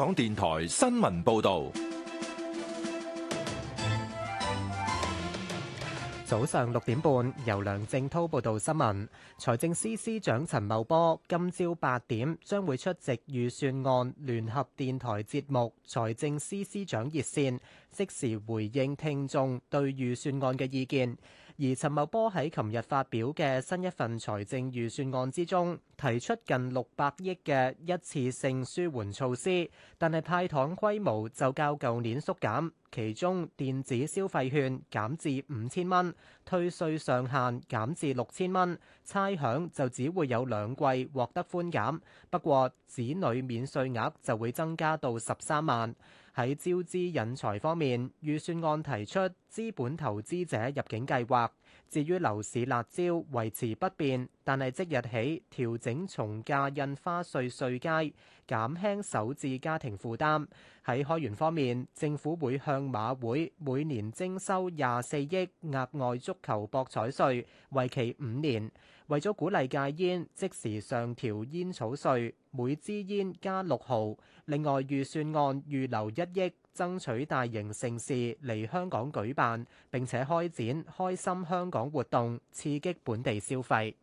港電台新聞報道，早上六點半，由梁正濤報道新聞。財政司司長陳茂波今朝八點將會出席預算案聯合電台節目《財政司司長熱線》，即時回應聽眾對預算案嘅意見。而陳茂波喺琴日發表嘅新一份財政預算案之中，提出近六百億嘅一次性舒緩措施，但係派糖規模就較舊年縮減，其中電子消費券減至五千蚊，退稅上限減至六千蚊，差餉就只會有兩季獲得寬減，不過子女免稅額就會增加到十三萬。喺招資引才方面，預算案提出資本投資者入境計劃。至於樓市辣招維持不變，但係即日起調整從價印花稅稅階，減輕首置家庭負擔。喺開源方面，政府會向馬會每年徵收廿四億額外足球博彩稅，為期五年。為咗鼓勵戒煙，即時上調煙草稅。每支煙加六毫，另外預算案預留一億，爭取大型盛事嚟香港舉辦，並且開展開心香港活動，刺激本地消費。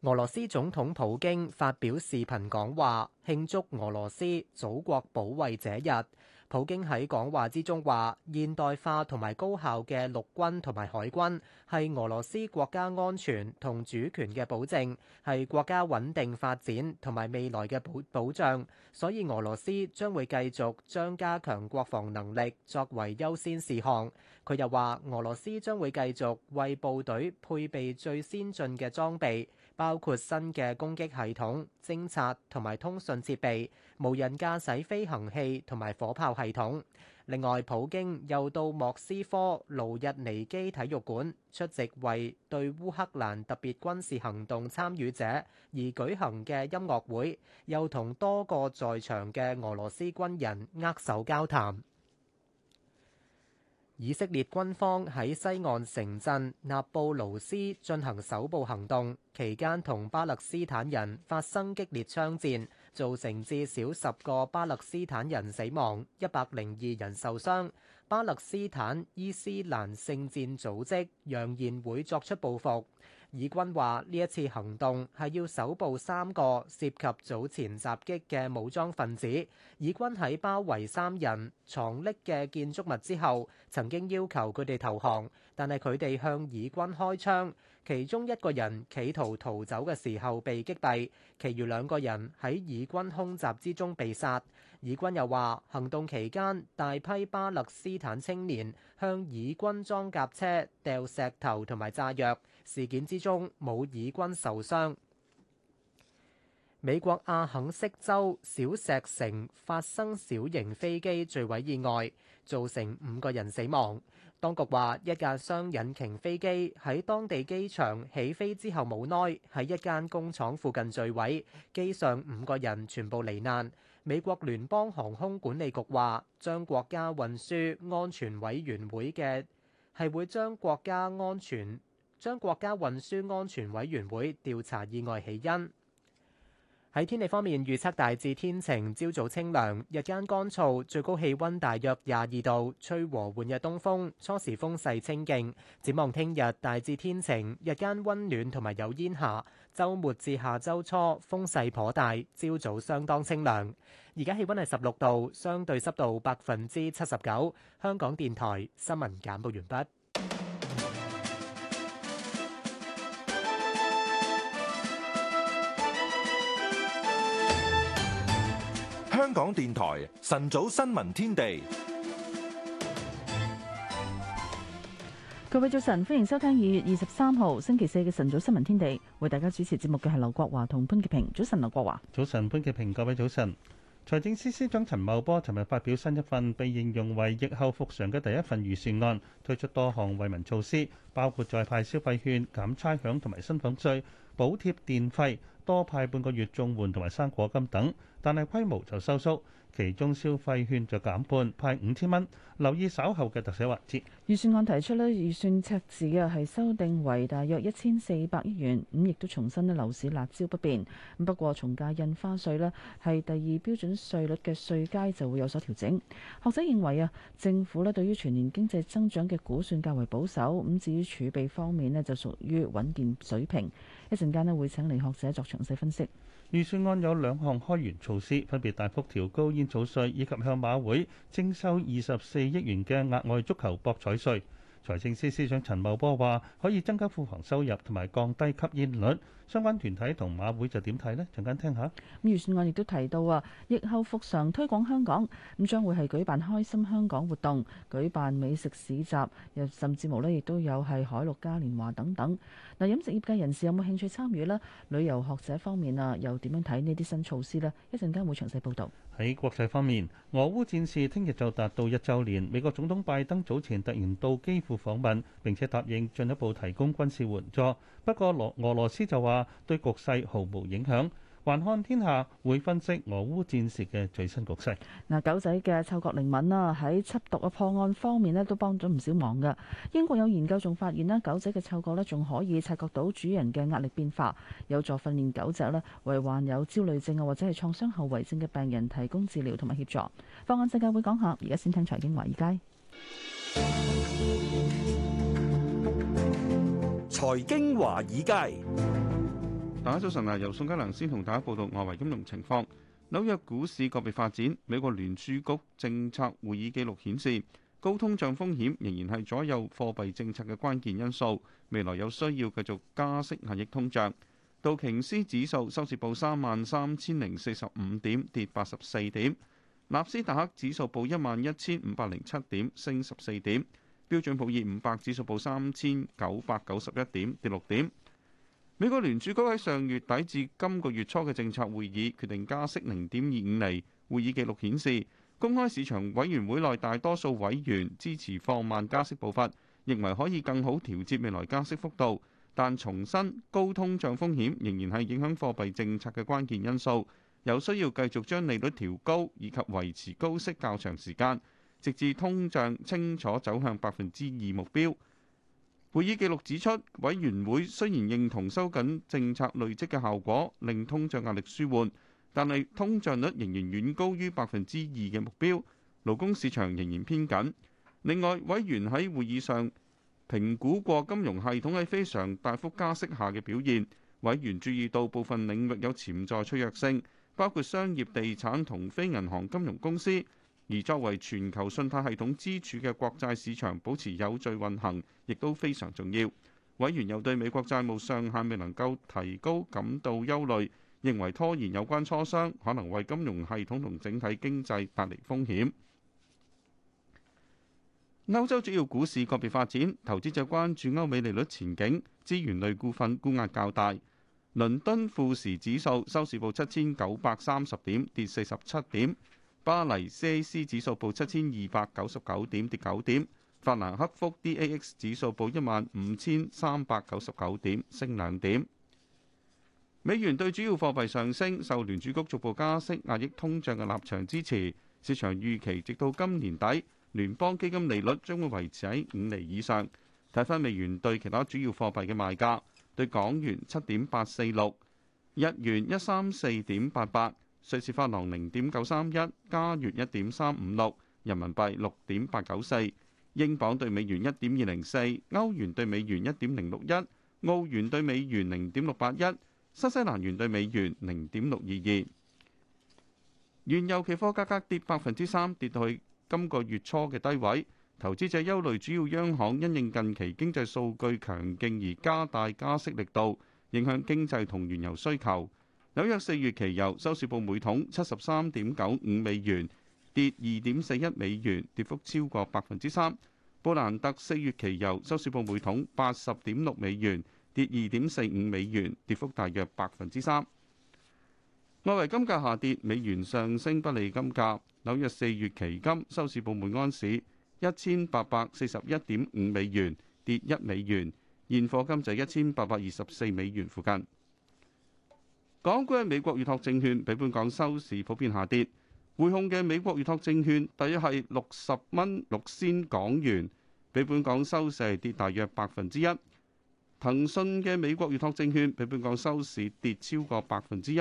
俄羅斯總統普京發表視頻講話，慶祝俄羅斯祖國保衛者日。普京喺講話之中話：現代化同埋高效嘅陸軍同埋海軍係俄羅斯國家安全同主權嘅保證，係國家穩定發展同埋未來嘅保保障。所以俄羅斯將會繼續將加強國防能力作為優先事項。佢又話：俄羅斯將會繼續為部隊配備最先進嘅裝備。包括新嘅攻擊系統、偵察同埋通訊設備、無人駕駛飛行器同埋火炮系統。另外，普京又到莫斯科盧日尼基體育館出席為對烏克蘭特別軍事行動參與者而舉行嘅音樂會，又同多個在場嘅俄羅斯軍人握手交談。以色列軍方喺西岸城鎮納布魯斯進行搜捕行動，期間同巴勒斯坦人發生激烈槍戰，造成至少十個巴勒斯坦人死亡，一百零二人受傷。巴勒斯坦伊斯蘭聖戰組織揚言會作出報復。以軍話：呢一次行動係要搜捕三個涉及早前襲擊嘅武裝分子。以軍喺包圍三人藏匿嘅建築物之後，曾經要求佢哋投降，但係佢哋向以軍開槍。其中一個人企圖逃走嘅時候被擊斃，其餘兩個人喺以軍空襲之中被殺。以軍又話，行動期間大批巴勒斯坦青年向以軍裝甲車掟石頭同埋炸藥。事件之中，冇以軍受傷。美國阿肯色州小石城發生小型飛機墜毀意外，造成五個人死亡。當局話一架雙引擎飛機喺當地機場起飛之後冇耐喺一間工廠附近墜毀，機上五個人全部罹難。美國聯邦航空管理局話將國家運輸安全委員會嘅係會將國家安全。將國家運輸安全委員會調查意外起因。喺天氣方面，預測大致天晴，朝早清涼，日間乾燥，最高氣溫大約廿二度，吹和緩嘅東風，初時風勢清勁。展望聽日大致天晴，日間溫暖同埋有煙霞。週末至下周初風勢頗大，朝早相當清涼。而家氣溫係十六度，相對濕度百分之七十九。香港電台新聞簡報完畢。香港電台晨早新聞天地，各位早晨，歡迎收聽二月二十三號星期四嘅晨早新聞天地，為大家主持節目嘅係劉國華同潘潔平。早晨，劉國華。早晨，潘潔平。各位早晨。財政司司長陳茂波尋日發表新一份被形容為疫後復常嘅第一份預算案，推出多項惠民措施，包括再派消費券、減差餉同埋薪俸稅補貼電費、多派半個月綜援同埋生果金等。但係規模就收縮，其中消費券就減半派五千蚊，留意稍後嘅特寫環節。預算案提出咧，預算赤字嘅係修訂為大約一千四百億元，咁亦都重申咧樓市辣招不變。咁不過從價印花稅呢係第二標準稅率嘅稅階就會有所調整。學者認為啊，政府咧對於全年經濟增長嘅估算較為保守，咁至於儲備方面呢，就屬於穩健水平。一陣間咧會請嚟學者作詳細分析。預算案有兩項開源措施，分別大幅調高煙草稅，以及向馬會徵收二十四億元嘅額外足球博彩稅。財政司司長陳茂波話：可以增加庫房收入同埋降低吸煙率。相關團體同馬會就點睇呢？陣間聽下。咁預算案亦都提到啊，疫後復常推廣香港，咁將會係舉辦開心香港活動，舉辦美食市集，又甚至無呢亦都有係海陸嘉年華等等。嗱、呃，飲食業界人士有冇興趣參與呢？旅遊學者方面啊，又點樣睇呢啲新措施呢？一陣間會詳細報導。喺國際方面，俄烏戰事聽日就達到一週年。美國總統拜登早前突然到基輔訪問，並且答應進一步提供軍事援助。不過羅俄羅斯就話對局勢毫無影響。環看天下會分析俄烏戰事嘅最新局勢。嗱，狗仔嘅嗅覺靈敏啦，喺緝毒啊、破案方面咧，都幫咗唔少忙嘅。英國有研究仲發現咧，狗仔嘅嗅覺咧，仲可以察覺到主人嘅壓力變化，有助訓練狗仔咧，為患有焦慮症啊或者係創傷後遺症嘅病人提供治療同埋協助。放眼世界會講下，而家先聽財經華爾街。財經華爾街。大家早晨啊！由宋嘉良先同大家報道外圍金融情況。紐約股市個別發展。美國聯儲局政策會議記錄顯示，高通脹風險仍然係左右貨幣政策嘅關鍵因素。未來有需要繼續加息壓抑通脹。道瓊斯指數收市報三萬三千零四十五點，跌八十四點。納斯達克指數報一萬一千五百零七點，升十四點。標準普爾五百指數報三千九百九十一點，跌六點。美國聯儲局喺上月底至今個月初嘅政策會議決定加息零點二五厘。會議記錄顯示，公開市場委員會內大多數委員支持放慢加息步伐，認為可以更好調節未來加息幅度。但重申高通脹風險仍然係影響貨幣政策嘅關鍵因素，有需要繼續將利率調高以及維持高息較長時間，直至通脹清楚走向百分之二目標。會議記錄指出，委員會雖然認同收緊政策累積嘅效果，令通脹壓力舒緩，但係通脹率仍然遠高於百分之二嘅目標，勞工市場仍然偏緊。另外，委員喺會議上評估過金融系統喺非常大幅加息下嘅表現，委員注意到部分領域有潛在脆弱性，包括商業地產同非銀行金融公司。而作為全球信貸系統支柱嘅國債市場保持有序運行，亦都非常重要。委員又對美國債務上限未能夠提高感到憂慮，認為拖延有關磋商可能為金融系統同整體經濟帶嚟風險。歐洲主要股市個別發展，投資者關注歐美利率前景，資源類股份沽壓較大。倫敦富時指數收市報七千九百三十點，跌四十七點。巴黎 CAC 指數報七千二百九十九點，跌九點。法蘭克福 DAX 指數報一萬五千三百九十九點，升兩點。美元對主要貨幣上升，受聯儲局逐步加息壓抑通脹嘅立場支持。市場預期直到今年底，聯邦基金利率將會維持喺五厘以上。睇翻美元對其他主要貨幣嘅賣價，對港元七點八四六，日元一三四點八八。瑞士法郎零點九三一，加元一點三五六，人民幣六點八九四，英鎊對美元一點二零四，歐元對美元一點零六一，澳元對美元零點六八一，新西蘭元對美元零點六二二。原油期貨價格跌百分之三，跌去今個月初嘅低位。投資者憂慮主要央行因應近期經濟數據強勁而加大加息力度，影響經濟同原油需求。紐約四月期油收市報每桶七十三點九五美元，跌二點四一美元，跌幅超過百分之三。布蘭特四月期油收市報每桶八十點六美元，跌二點四五美元，跌幅大約百分之三。外圍金價下跌，美元上升不利金價。紐約四月期金收市報每安士一千八百四十一點五美元，跌一美元，現貨金就一千八百二十四美元附近。港股嘅美國預託證券比本港收市普遍下跌。匯控嘅美國預託證券，大約係六十蚊六仙港元，比本港收市跌大約百分之一。騰訊嘅美國預託證券比本港收市跌超過百分之一。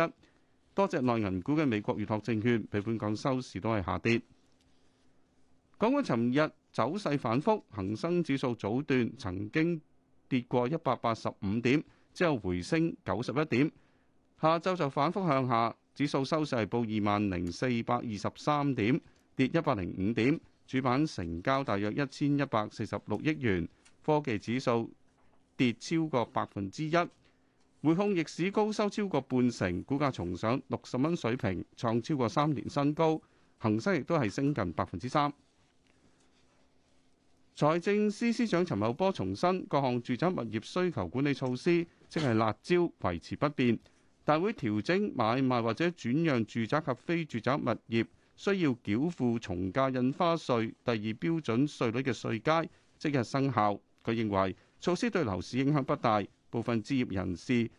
多隻內銀股嘅美國預託證券比本港收市都係下跌。港股尋日走勢反覆，恒生指數早段曾經跌過一百八十五點，之後回升九十一點。下晝就反覆向下，指數收市報二萬零四百二十三點，跌一百零五點，主板成交大約一千一百四十六億元。科技指數跌超過百分之一，匯控逆市高收超過半成，股價重上六十蚊水平，創超過三年新高，恒生亦都係升近百分之三。財政司司長陳茂波重申，各項住宅物業需求管理措施即係辣招，維持不變。大會調整買賣或者轉讓住宅及非住宅物業，需要繳付重價印花稅第二標準稅率嘅稅階，即日生效。佢認為措施對樓市影響不大，部分置業人士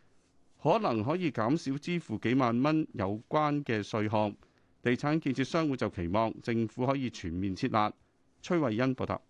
可能可以減少支付幾萬蚊有關嘅稅項。地產建設商會就期望政府可以全面設立。崔慧欣報道。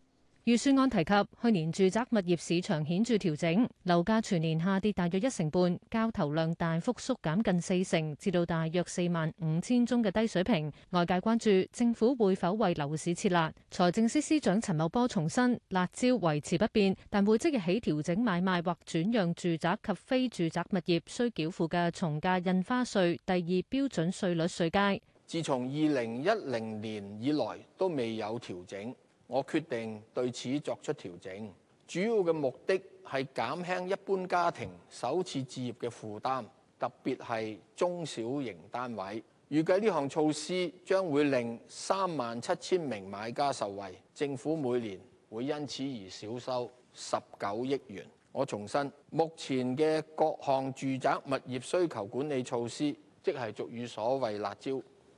預算案提及，去年住宅物業市場顯著調整，樓價全年下跌大約一成半，交投量大幅縮減近四成，至到大約四萬五千宗嘅低水平。外界關注政府會否為樓市撤辣。財政司司長陳茂波重申，辣招維持不變，但會即日起調整買賣或轉讓住宅及非住宅物業需繳付嘅從價印花稅第二標準稅率稅階。自從二零一零年以來都未有調整。我決定對此作出調整，主要嘅目的係減輕一般家庭首次置業嘅負擔，特別係中小型單位。預計呢項措施將會令三萬七千名買家受惠，政府每年會因此而少收十九億元。我重申，目前嘅各項住宅物業需求管理措施，即係俗語所謂辣招，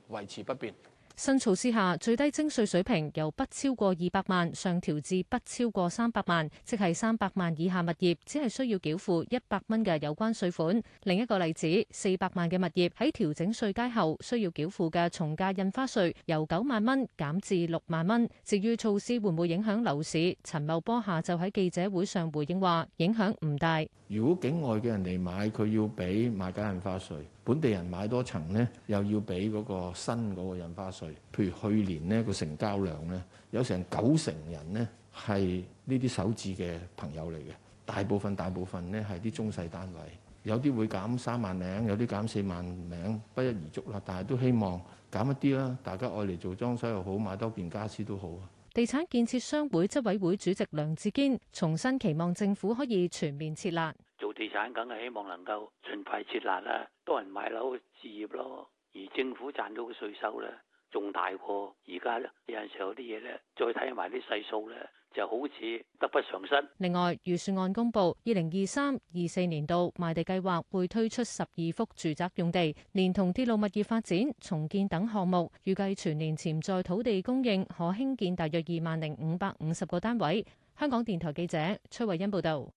維持不變。新措施下，最低徵稅水平由不超過二百萬上調至不超過三百萬，即係三百萬以下物業只係需要繳付一百蚊嘅有關稅款。另一個例子，四百萬嘅物業喺調整稅階後需要繳付嘅重價印花稅由九萬蚊減至六萬蚊。至於措施會唔會影響樓市，陳茂波下晝喺記者會上回應話，影響唔大。如果境外嘅人嚟買，佢要俾買家印花稅；本地人買多層呢，又要俾嗰個新嗰個印花稅。譬如去年呢個成交量呢，有成九成人呢係呢啲首置嘅朋友嚟嘅，大部分大部分呢係啲中細單位，有啲會減三萬名，有啲減四萬名，不一而足啦。但係都希望減一啲啦，大家愛嚟做裝修又好，買多件家私都好。地產建設商會執委會主席梁志堅重新期望政府可以全面撤辣。做地產梗係希望能夠盡快撤辣啦，多人買樓置業咯，而政府賺到嘅稅收咧仲大過而家咧，有陣時候啲嘢咧，再睇埋啲細數咧。就好似得不償失。另外，預算案公布，二零二三二四年度賣地計劃會推出十二幅住宅用地，連同鐵路物業發展、重建等項目，預計全年潛在土地供應可興建大約二萬零五百五十個單位。香港電台記者崔慧欣報道。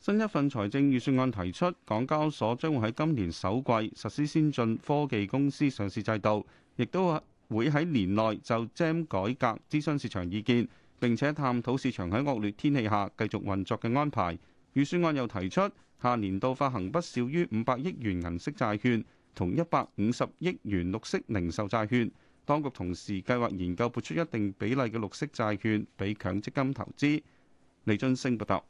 新一份財政預算案提出，港交所將會喺今年首季實施先進科技公司上市制度，亦都會喺年內就 GEM 改革諮詢市場意見。並且探討市場喺惡劣天氣下繼續運作嘅安排。預算案又提出，下年度發行不少於五百億元銀色債券同一百五十億元綠色零售債券。當局同時計劃研究撥出一定比例嘅綠色債券俾強積金投資。李津升報道。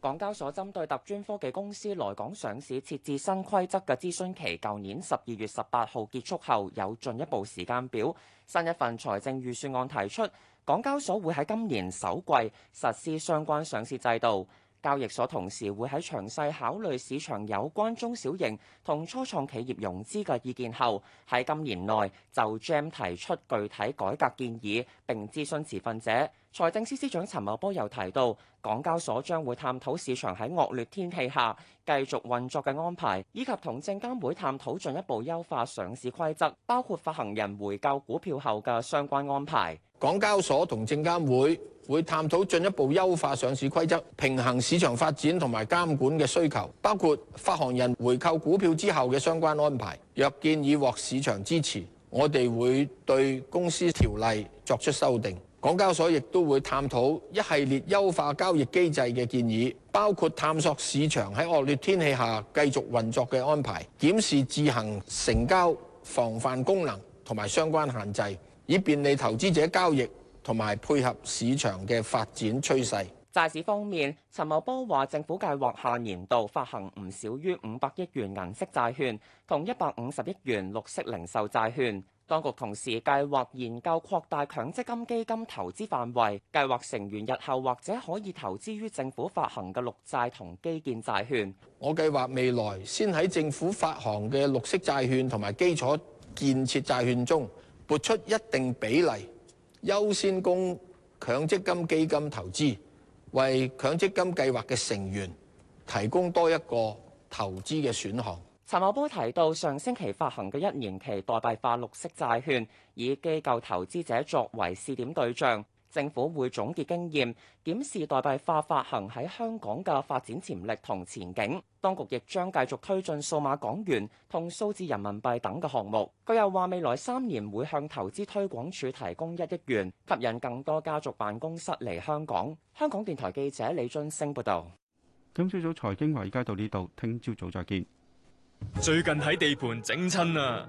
港交所針對特專科技公司來港上市設置新規則嘅諮詢期，舊年十二月十八號結束後有進一步時間表。新一份財政預算案提出。港交所會喺今年首季實施相關上市制度。交易所同時會喺詳細考慮市場有關中小型同初創企業融資嘅意見後，喺今年內就 GEM 提出具體改革建議，並諮詢持份者。財政司司長陳茂波又提到，港交所將會探討市場喺惡劣天氣下繼續運作嘅安排，以及同證監會探討進一步優化上市規則，包括發行人回購股票後嘅相關安排。港交所同證監會。會探討進一步優化上市規則，平衡市場發展同埋監管嘅需求，包括發行人回購股票之後嘅相關安排。若建議獲市場支持，我哋會對公司條例作出修訂。港交所亦都會探討一系列優化交易機制嘅建議，包括探索市場喺惡劣天氣下繼續運作嘅安排，檢視自行成交防範功能同埋相關限制，以便利投資者交易。同埋配合市場嘅發展趨勢。債市方面，陳茂波話：政府計劃下年度發行唔少於五百億元銀色債券同一百五十億元綠色零售債券。當局同時計劃研究擴大強積金基金投資範圍，計劃成員日後或者可以投資於政府發行嘅綠債同基建債券。我計劃未來先喺政府發行嘅綠色債券同埋基礎建設債券中撥出一定比例。優先供強積金基金投資，為強積金計劃嘅成員提供多一個投資嘅選項。陳茂波提到，上星期發行嘅一年期代幣化綠色債券，以機構投資者作為試點對象。政府會總結經驗，檢視代幣化發行喺香港嘅發展潛力同前景。當局亦將繼續推進數碼港元同數字人民幣等嘅項目。佢又話：未來三年會向投資推廣署提供一億元，吸引更多家族辦公室嚟香港。香港電台記者李俊升報道：今，今朝早財經華爾街到呢度，聽朝早再見。最近喺地盤整親啊！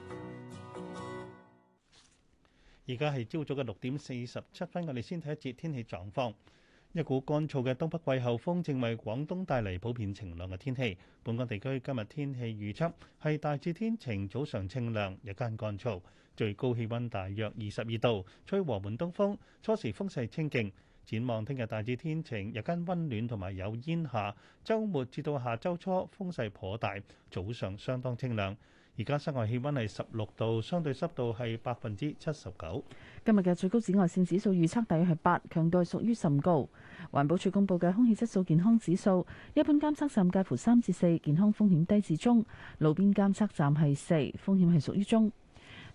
而家係朝早嘅六點四十七分，我哋先睇一節天氣狀況。一股乾燥嘅東北季候風正為廣東帶嚟普遍晴朗嘅天氣。本港地區今日天氣預測係大致天晴，早上清涼，日間乾燥，最高氣溫大約二十二度，吹和緩東風，初時風勢清勁。展望聽日大致天晴，日間溫暖同埋有煙霞。周末至到下周初風勢頗大，早上相當清涼。而家室外氣温係十六度，相對濕度係百分之七十九。今日嘅最高紫外線指數預測大約係八，強度屬於甚高。環保署公布嘅空氣質素健康指數，一般監測站介乎三至四，健康風險低至中；路邊監測站係四，風險係屬於中。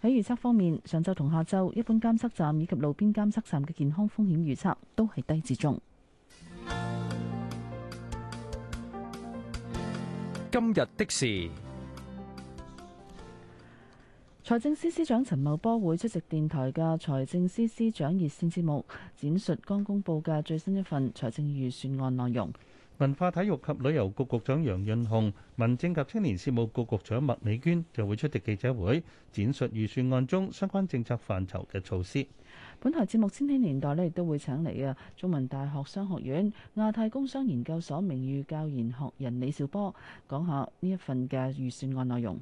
喺預測方面，上晝同下晝一般監測站以及路邊監測站嘅健康風險預測都係低至中。今日的事。財政司司長陳茂波會出席電台嘅財政司司長熱線節目，展述剛公布嘅最新一份財政預算案內容。文化體育及旅遊局局長楊潤雄、民政及青年事務局局長麥美娟就會出席記者會，展述預算案中相關政策範疇嘅措施。本台節目千禧年代呢，亦都會請嚟啊，中文大學商學院亞太工商研究所名譽教研學人李兆波講下呢一份嘅預算案內容。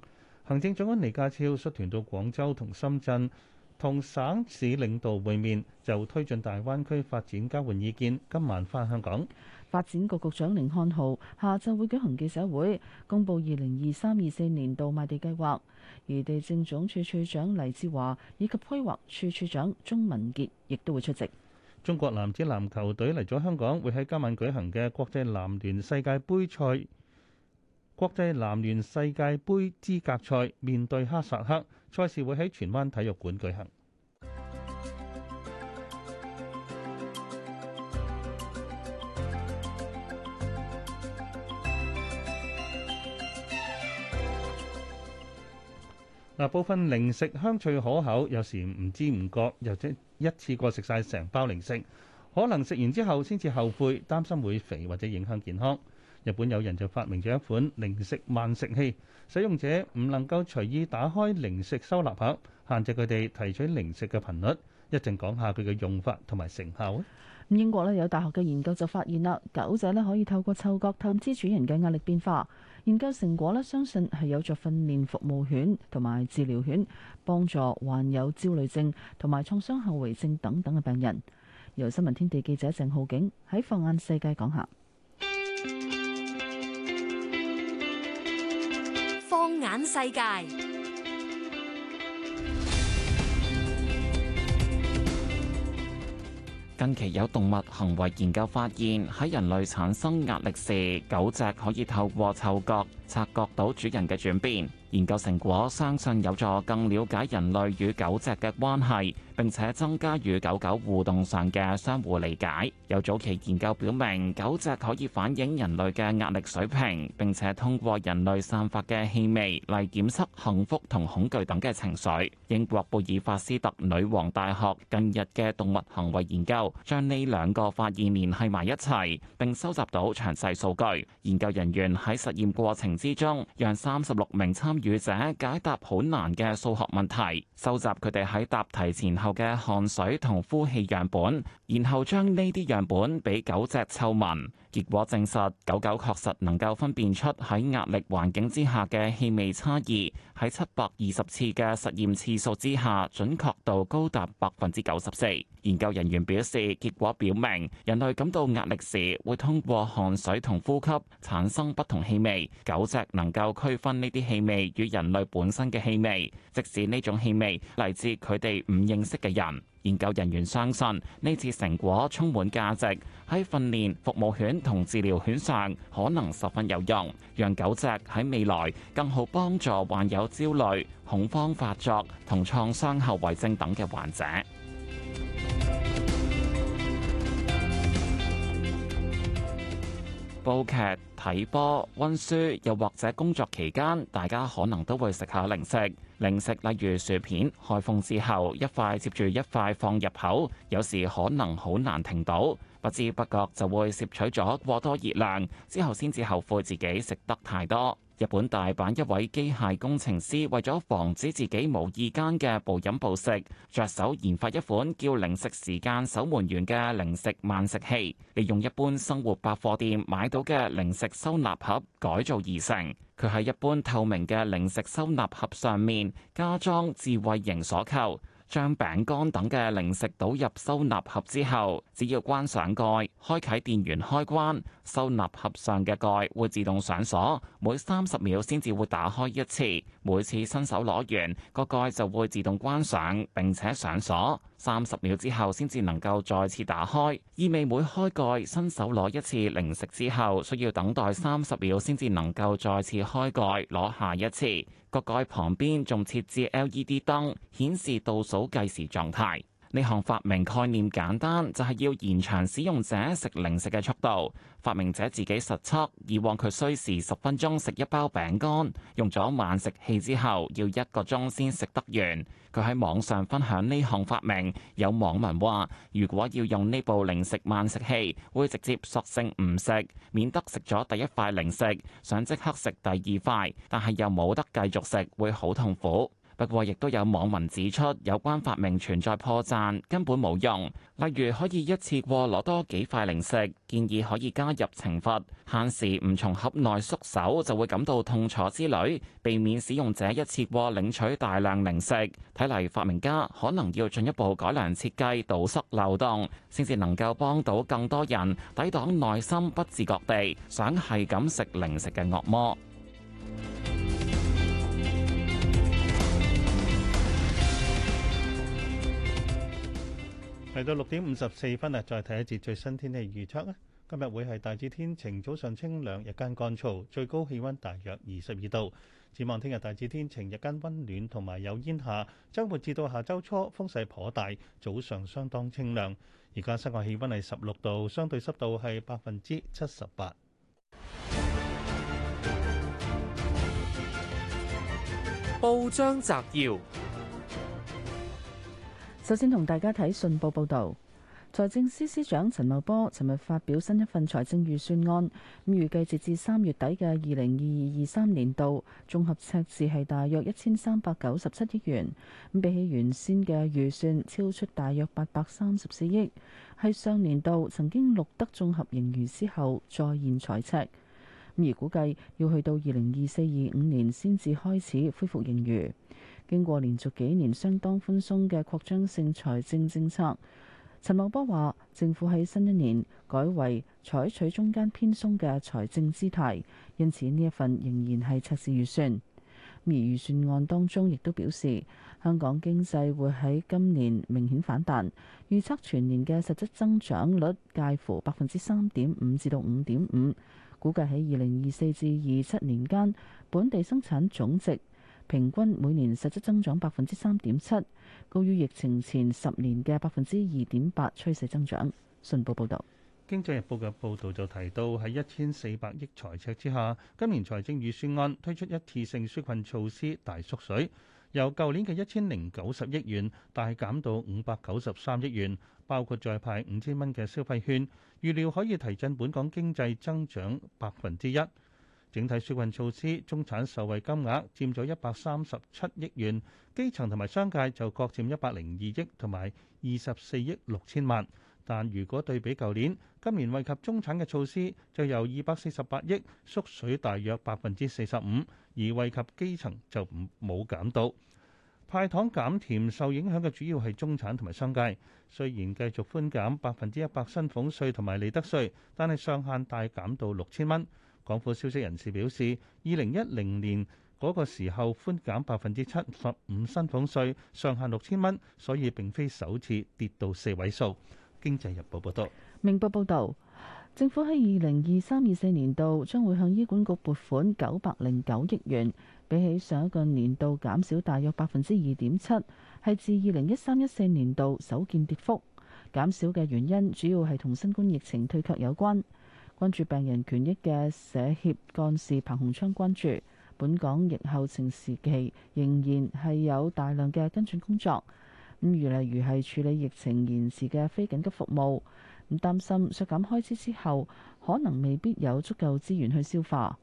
行政長官李家超率團到廣州同深圳同省市領導會面，就推進大灣區發展交換意見。今晚返香港。發展局局長甯漢豪下晝會舉行記者會，公布二零二三、二四年度賣地計劃。而地政總署署長黎志華以及規劃署署長鍾文傑亦都會出席。中國男子籃球隊嚟咗香港，會喺今晚舉行嘅國際籃聯世界盃賽。國際籃聯世界盃資格賽面對哈薩克，賽事會喺荃灣體育館舉行。嗱， 部分零食香脆可口，有時唔知唔覺又或者一次過食晒成包零食，可能食完之後先至後悔，擔心會肥或者影響健康。日本有人就發明咗一款零食慢食器，使用者唔能夠隨意打開零食收納盒，限制佢哋提取零食嘅頻率。一陣講下佢嘅用法同埋成效。英國咧有大學嘅研究就發現啦，狗仔咧可以透過嗅覺探知主人嘅壓力變化。研究成果咧相信係有助訓練服務犬同埋治療犬，幫助患有焦慮症同埋創傷後遺症等等嘅病人。由新聞天地記者鄭浩景喺放眼世界講下。眼世界。近期有動物行為研究發現，喺人類產生壓力時，狗隻可以透過嗅覺察覺到主人嘅轉變。研究成果相信有助更了解人類與狗隻嘅關係。並且增加與狗狗互動上嘅相互理解。有早期研究表明，狗隻可以反映人類嘅壓力水平，並且通過人類散發嘅氣味嚟檢測幸福同恐懼等嘅情緒。英國貝爾法斯特女王大學近日嘅動物行為研究，將呢兩個發現聯繫埋一齊，並收集到詳細數據。研究人員喺實驗過程之中，讓三十六名參與者解答好難嘅數學問題，收集佢哋喺答題前後嘅汗水同呼氣樣本，然後將呢啲樣本俾狗隻臭聞。結果證實，狗狗確實能夠分辨出喺壓力環境之下嘅氣味差異。喺七百二十次嘅實驗次數之下，準確度高達百分之九十四。研究人員表示，結果表明，人類感到壓力時，會通過汗水同呼吸產生不同氣味。狗隻能夠區分呢啲氣味與人類本身嘅氣味，即使呢種氣味嚟自佢哋唔認識嘅人。研究人員相信呢次成果充滿價值，喺訓練服務犬同治療犬上可能十分有用，讓狗隻喺未來更好幫助患有焦慮、恐慌發作同創傷後遺症等嘅患者。報劇。睇波、溫書，又或者工作期間，大家可能都會食下零食。零食例如薯片，開封之後，一塊接住一塊放入口，有時可能好難停到，不知不覺就會攝取咗過多熱量，之後先至後悔自己食得太多。日本大阪一位機械工程師為咗防止自己無意間嘅暴飲暴食，着手研發一款叫「零食時間守門員」嘅零食慢食器。利用一般生活百貨店買到嘅零食收納盒改造而成。佢喺一般透明嘅零食收納盒上面加裝智慧型鎖扣，將餅乾等嘅零食倒入收納盒之後，只要關上蓋，開啟電源開關。收納盒上嘅蓋會自動上鎖，每三十秒先至會打開一次。每次伸手攞完，個蓋就會自動關上，並且上鎖。三十秒之後先至能夠再次打開。意味每開蓋、伸手攞一次零食之後，需要等待三十秒先至能夠再次開蓋攞下一次。個蓋旁邊仲設置 LED 燈，顯示倒數計時狀態。呢項發明概念簡單，就係要延長使用者食零食嘅速度。發明者自己實測，以往佢需時十分鐘食一包餅乾，用咗慢食器之後，要一個鐘先食得完。佢喺網上分享呢項發明，有網民話：如果要用呢部零食慢食器，會直接索性唔食，免得食咗第一塊零食，想即刻食第二塊，但係又冇得繼續食，會好痛苦。不過，亦都有網民指出，有關發明存在破綻，根本冇用。例如可以一次過攞多幾塊零食，建議可以加入懲罰，限時唔從盒內縮手，就會感到痛楚之類，避免使用者一次過領取大量零食。睇嚟發明家可能要進一步改良設計，堵塞漏洞，先至能夠幫到更多人抵擋內心不自覺地想係咁食零食嘅惡魔。嚟到六點五十四分啊，再睇一節最新天氣預測啊！今日會係大致天晴，早上清涼，日間乾燥，最高氣温大約二十二度。展望聽日大致天晴，日間温暖同埋有煙霞。週末至到下周初風勢頗大，早上相當清涼。而家室外氣温係十六度，相對濕度係百分之七十八。報章摘要。首先同大家睇信報報道。財政司司長陳茂波尋日發表新一份財政預算案，咁預計截至三月底嘅二零二二二三年度綜合赤字係大約一千三百九十七億元，咁比起原先嘅預算超出大約八百三十四億，喺上年度曾經錄得綜合盈餘之後再現財赤，而估計要去到二零二四二五年先至開始恢復盈餘。經過連續幾年相當寬鬆嘅擴張性財政政策，陳茂波話：政府喺新一年改為採取中間偏鬆嘅財政姿態，因此呢一份仍然係測試預算。而預算案當中亦都表示，香港經濟會喺今年明顯反彈，預測全年嘅實質增長率介乎百分之三點五至到五點五，估計喺二零二四至二七年間，本地生產總值。平均每年實質增長百分之三點七，高於疫情前十年嘅百分之二點八趨勢增長。信報報道，《經濟日報》嘅報導就提到，喺一千四百億財赤之下，今年財政預算案推出一次性紓困措施大縮水，由舊年嘅一千零九十億元大減到五百九十三億元，包括再派五千蚊嘅消費券，預料可以提振本港經濟增長百分之一。整體紓困措施，中產受惠金額佔咗一百三十七億元，基層同埋商界就各佔一百零二億同埋二十四億六千萬。但如果對比舊年，今年惠及中產嘅措施就由二百四十八億縮水大約百分之四十五，而惠及基層就唔冇減到。派糖減甜受影響嘅主要係中產同埋商界，雖然繼續寬減百分之一百薪俸稅同埋利得稅，但係上限大減到六千蚊。港府消息人士表示，二零一零年嗰個時候寬減百分之七十五薪俸稅，上限六千蚊，所以並非首次跌到四位數。經濟日報報道，明報報道，政府喺二零二三二四年度將會向醫管局撥款九百零九億元，比起上一個年度減少大約百分之二點七，係自二零一三一四年度首見跌幅。減少嘅原因主要係同新冠疫情退卻有關。關注病人權益嘅社協幹事彭鴻昌關注，本港疫後情時期仍然係有大量嘅跟進工作。咁，如例如係處理疫情延遲嘅非緊急服務，咁擔心削減開支之後，可能未必有足夠資源去消化。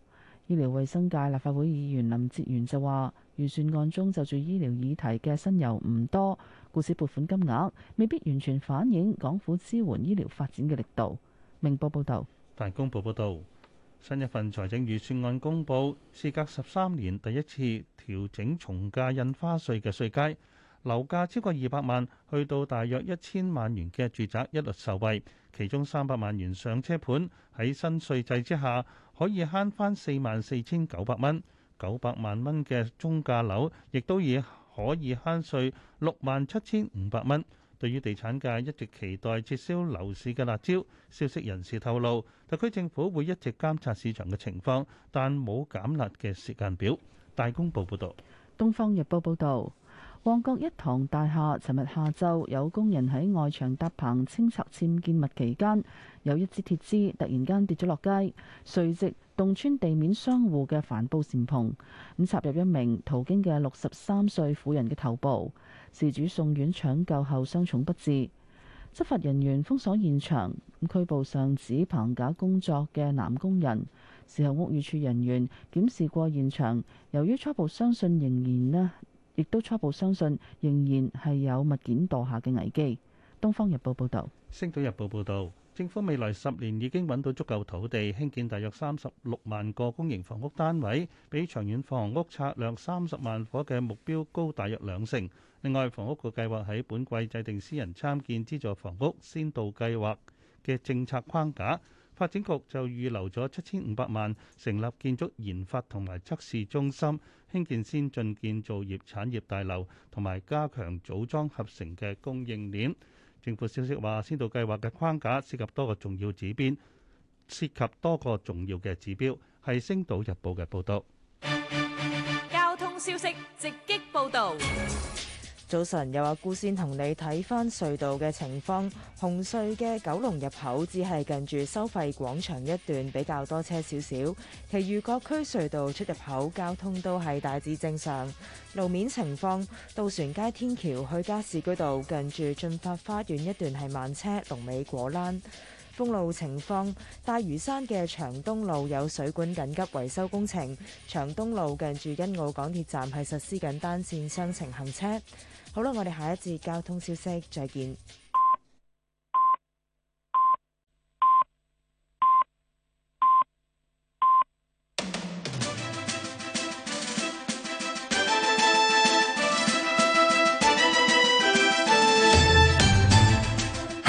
醫療衛生界立法會議員林哲玄就話，預算案中就住醫療議題嘅新猷唔多，故此撥款金額未必完全反映港府支援醫療發展嘅力度。明報報導。大公報報道，新一份財政預算案公布，事隔十三年第一次調整重價印花稅嘅稅階，樓價超過二百萬去到大約一千萬元嘅住宅一律受惠，其中三百萬元上車盤喺新稅制之下可以慳翻四萬四千九百蚊，九百萬蚊嘅中價樓亦都已可以慳稅六萬七千五百蚊。對於地產界一直期待撤銷樓市嘅辣招，消息人士透露，特區政府會一直監察市場嘅情況，但冇減辣嘅時間表。大公報報道：《東方日報》報道，旺角一堂大廈，尋日下晝有工人喺外牆搭棚清拆僭建物期間，有一支鐵枝突然間跌咗落街，垂直，洞穿地面商戶嘅帆布簑篷，咁插入一名途經嘅六十三歲婦人嘅頭部，事主送院搶救後傷重不治。執法人員封鎖現場，拘捕上址棚架工作嘅男工人。事後屋宇署人員檢視過現場，由於初步相信仍然呢，亦都初步相信仍然係有物件墮下嘅危機。東方日報報道。星島日報報道。政府未來十年已經揾到足夠土地，興建大約三十六萬個公營房屋單位，比長遠房屋策略三十萬伙嘅目標高大約兩成。另外，房屋局計劃喺本季制定私人參建資助房屋先導計劃嘅政策框架。發展局就預留咗七千五百萬成立建築研發同埋測試中心，興建先進建造業產業大樓，同埋加強組裝合成嘅供應鏈。政府消息話，先導計劃嘅框架涉及多個重要指標，涉及多個重要嘅指標，係《星島日報》嘅報道。交通消息直擊報導。早晨，又阿姑先同你睇返隧道嘅情況。紅隧嘅九龍入口只係近住收費廣場一段比較多車少少，其餘各區隧道出入口交通都係大致正常。路面情況，渡船街天橋去加士居道近住進發花園一段係慢車，龍尾果欄。公路情況，大嶼山嘅長東路有水管緊急維修工程，長東路近住欣澳港鐵站係實施緊單線雙程行車。好啦，我哋下一節交通消息再見。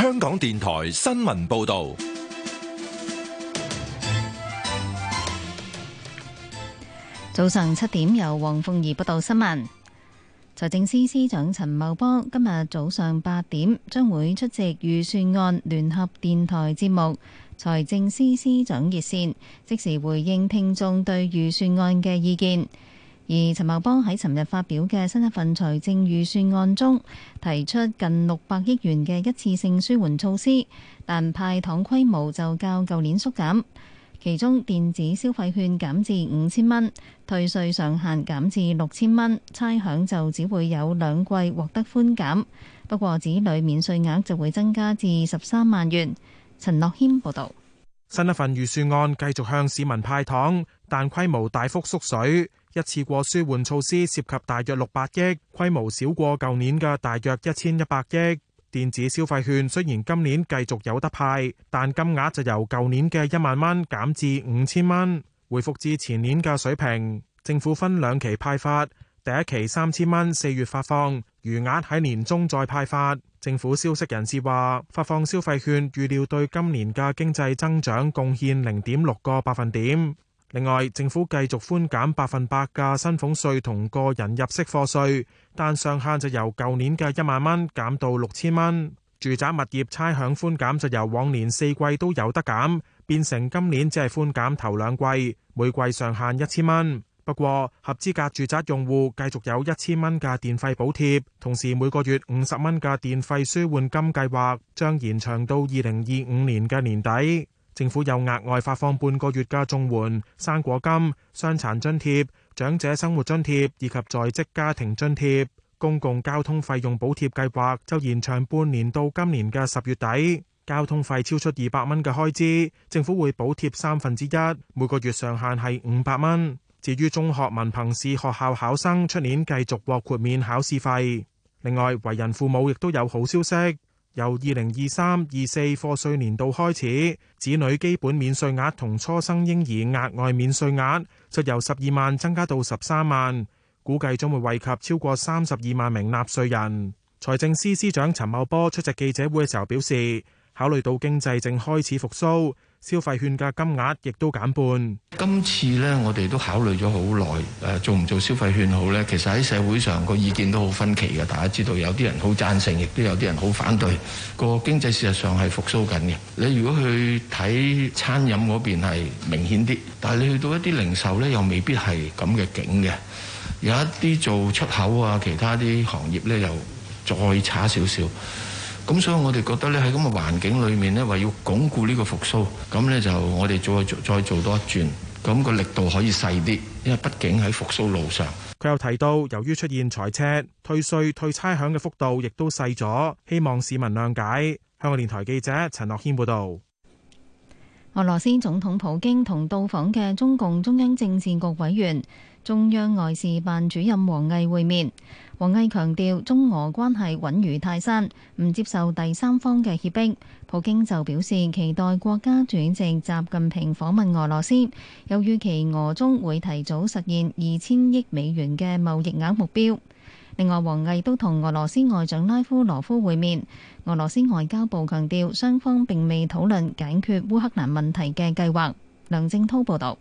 香港電台新聞報道，早上七點由黃鳳儀報道新聞。財政司司長陳茂波今日早上八點將會出席預算案聯合電台節目《財政司司長熱線》，即時回應聽眾對預算案嘅意見。而陳茂波喺尋日發表嘅新一份財政預算案中，提出近六百億元嘅一次性舒緩措施，但派糖規模就較舊年縮減。其中電子消費券減至五千蚊，退稅上限減至六千蚊，差餉就只會有兩季獲得寬減。不過子女免稅額就會增加至十三萬元。陳樂謙報導，新一份預算案繼續向市民派糖，但規模大幅縮水。一次過舒緩措施涉及大約六百億，規模少過舊年嘅大約一千一百億。電子消費券雖然今年繼續有得派，但金額就由舊年嘅一萬蚊減至五千蚊，回復至前年嘅水平。政府分兩期派發，第一期三千蚊，四月發放，餘額喺年中再派發。政府消息人士話，發放消費券預料對今年嘅經濟增長貢獻零點六個百分點。另外，政府繼續寬減百分百嘅薪俸稅同個人入息課稅，但上限就由舊年嘅一萬蚊減到六千蚊。住宅物業差餉寬減就由往年四季都有得減，變成今年只係寬減頭兩季，每季上限一千蚊。不過，合資格住宅用戶繼續有一千蚊嘅電費補貼，同時每個月五十蚊嘅電費舒緩金計劃將延長到二零二五年嘅年底。政府又額外發放半個月嘅綜援、生果金、傷殘津貼、長者生活津貼以及在職家庭津貼，公共交通費用補貼計劃就延長半年到今年嘅十月底。交通費超出二百蚊嘅開支，政府會補貼三分之一，每個月上限係五百蚊。至於中學文憑試學校考生，出年繼續獲豁免考試費。另外，為人父母亦都有好消息。由二零二三、二四課稅年度開始，子女基本免稅額同初生嬰兒額外免稅額，就由十二萬增加到十三萬，估計將會惠及超過三十二萬名納稅人。財政司司長陳茂波出席記者會嘅時候表示，考慮到經濟正開始復甦。消費券嘅金額亦都減半。今次呢，我哋都考慮咗好耐，誒，做唔做消費券好呢？其實喺社會上個意見都好分歧嘅。大家知道有啲人好贊成，亦都有啲人好反對。個經濟事實上係復甦緊嘅。你如果去睇餐飲嗰邊係明顯啲，但係你去到一啲零售呢，又未必係咁嘅景嘅。有一啲做出口啊，其他啲行業呢，又再差少少。咁所以我哋覺得呢，喺咁嘅環境裏面呢，話要鞏固呢個復甦，咁呢就我哋再做再做多一轉，咁個力度可以細啲，因為畢竟喺復甦路上。佢又提到，由於出現財赤、退稅、退差餉嘅幅度亦都細咗，希望市民諒解。香港電台記者陳樂軒報導。俄羅斯總統普京同到訪嘅中共中央政治局委員、中央外事辦主任王毅會面。王毅強調中俄關係穩如泰山，唔接受第三方嘅脅迫。普京就表示期待國家主席習近平訪問俄羅斯，有預期俄中會提早實現二千億美元嘅貿易額目標。另外，王毅都同俄羅斯外長拉夫羅夫會面。俄羅斯外交部強調雙方並未討論解決烏克蘭問題嘅計劃。梁正滔報導。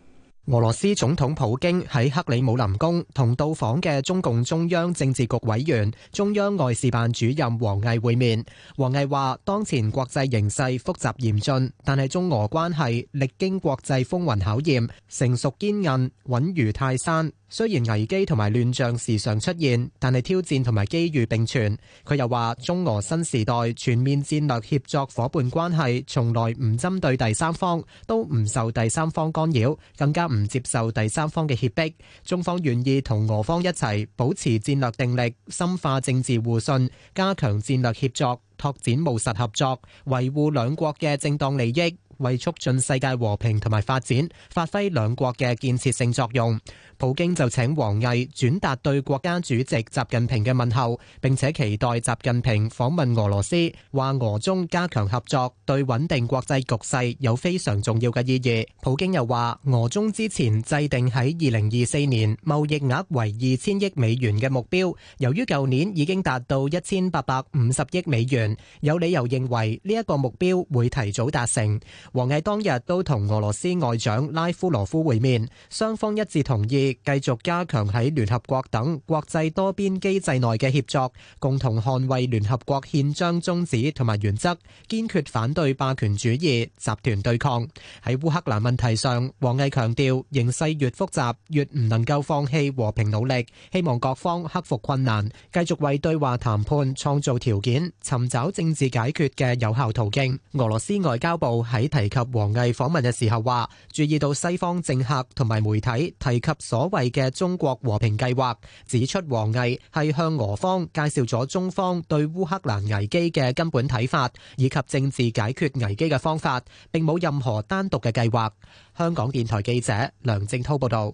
俄羅斯總統普京喺克里姆林宮同到訪嘅中共中央政治局委員、中央外事辦主任王毅會面。王毅話，當前國際形勢複雜嚴峻，但係中俄關係歷經國際風雲考驗，成熟堅韌，穩如泰山。雖然危機同埋亂象時常出現，但係挑戰同埋機遇並存。佢又話：中俄新時代全面戰略協作伙伴關係從來唔針對第三方，都唔受第三方干擾，更加唔接受第三方嘅脅迫。中方願意同俄方一齊保持戰略定力，深化政治互信，加強戰略協作，拓展務實合作，維護兩國嘅正當利益。為促進世界和平同埋發展，發揮兩國嘅建設性作用，普京就請王毅轉達對國家主席習近平嘅問候，並且期待習近平訪問俄羅斯。話俄中加強合作對穩定國際局勢有非常重要嘅意義。普京又話，俄中之前制定喺二零二四年貿易額為二千億美元嘅目標，由於舊年已經達到一千八百五十億美元，有理由認為呢一個目標會提早達成。王毅當日都同俄羅斯外長拉夫羅夫會面，雙方一致同意繼續加強喺聯合國等國際多邊機制內嘅協作，共同捍衛聯合國憲章宗旨同埋原則，堅決反對霸權主義、集團對抗。喺烏克蘭問題上，王毅強調形勢越複雜越唔能夠放棄和平努力，希望各方克服困難，繼續為對話談判創造條件，尋找政治解決嘅有效途徑。俄羅斯外交部喺提。提及王毅訪問嘅時候，話注意到西方政客同埋媒體提及所謂嘅中國和平計劃，指出王毅係向俄方介紹咗中方對烏克蘭危機嘅根本睇法，以及政治解決危機嘅方法，並冇任何單獨嘅計劃。香港電台記者梁正濤報道。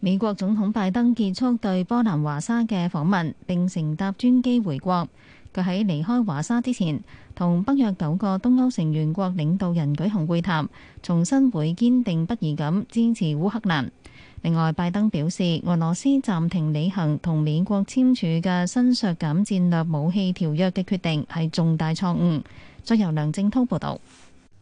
美國總統拜登結束對波蘭華沙嘅訪問，並乘搭專機回國。佢喺離開華沙之前，同北約九個東歐成員國領導人舉行會談，重新會堅定不移咁支持烏克蘭。另外，拜登表示，俄羅斯暫停履行同美國簽署嘅新削減戰略武器條約嘅決定係重大錯誤。再由梁正滔報導。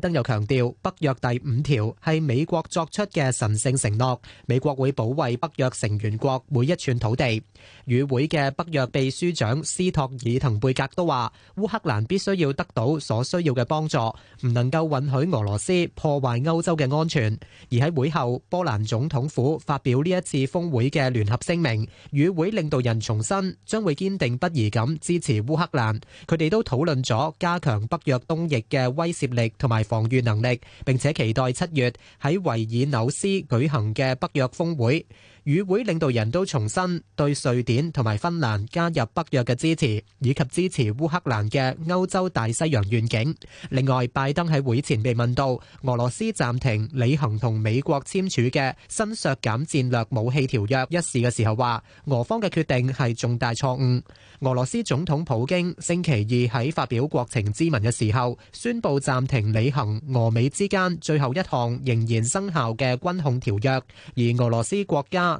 拜登又強調，北約第五條係美國作出嘅神聖承諾，美國會保衛北約成員國每一寸土地。與會嘅北約秘書長斯托爾滕貝格都話，烏克蘭必須要得到所需要嘅幫助，唔能夠允許俄羅斯破壞歐洲嘅安全。而喺會後，波蘭總統府發表呢一次峰會嘅聯合聲明，與會領導人重申將會堅定不移咁支持烏克蘭。佢哋都討論咗加強北約東翼嘅威懾力同埋。防御能力，並且期待七月喺維爾紐斯舉行嘅北約峰會。與會領導人都重申對瑞典同埋芬蘭加入北約嘅支持，以及支持烏克蘭嘅歐洲大西洋願景。另外，拜登喺會前被問到俄羅斯暫停履行同美國簽署嘅新削減戰略武器條約一事嘅時候，話俄方嘅決定係重大錯誤。俄羅斯總統普京星期二喺發表國情咨文嘅時候，宣布暫停履行俄美之間最後一項仍然生效嘅軍控條約，而俄羅斯國家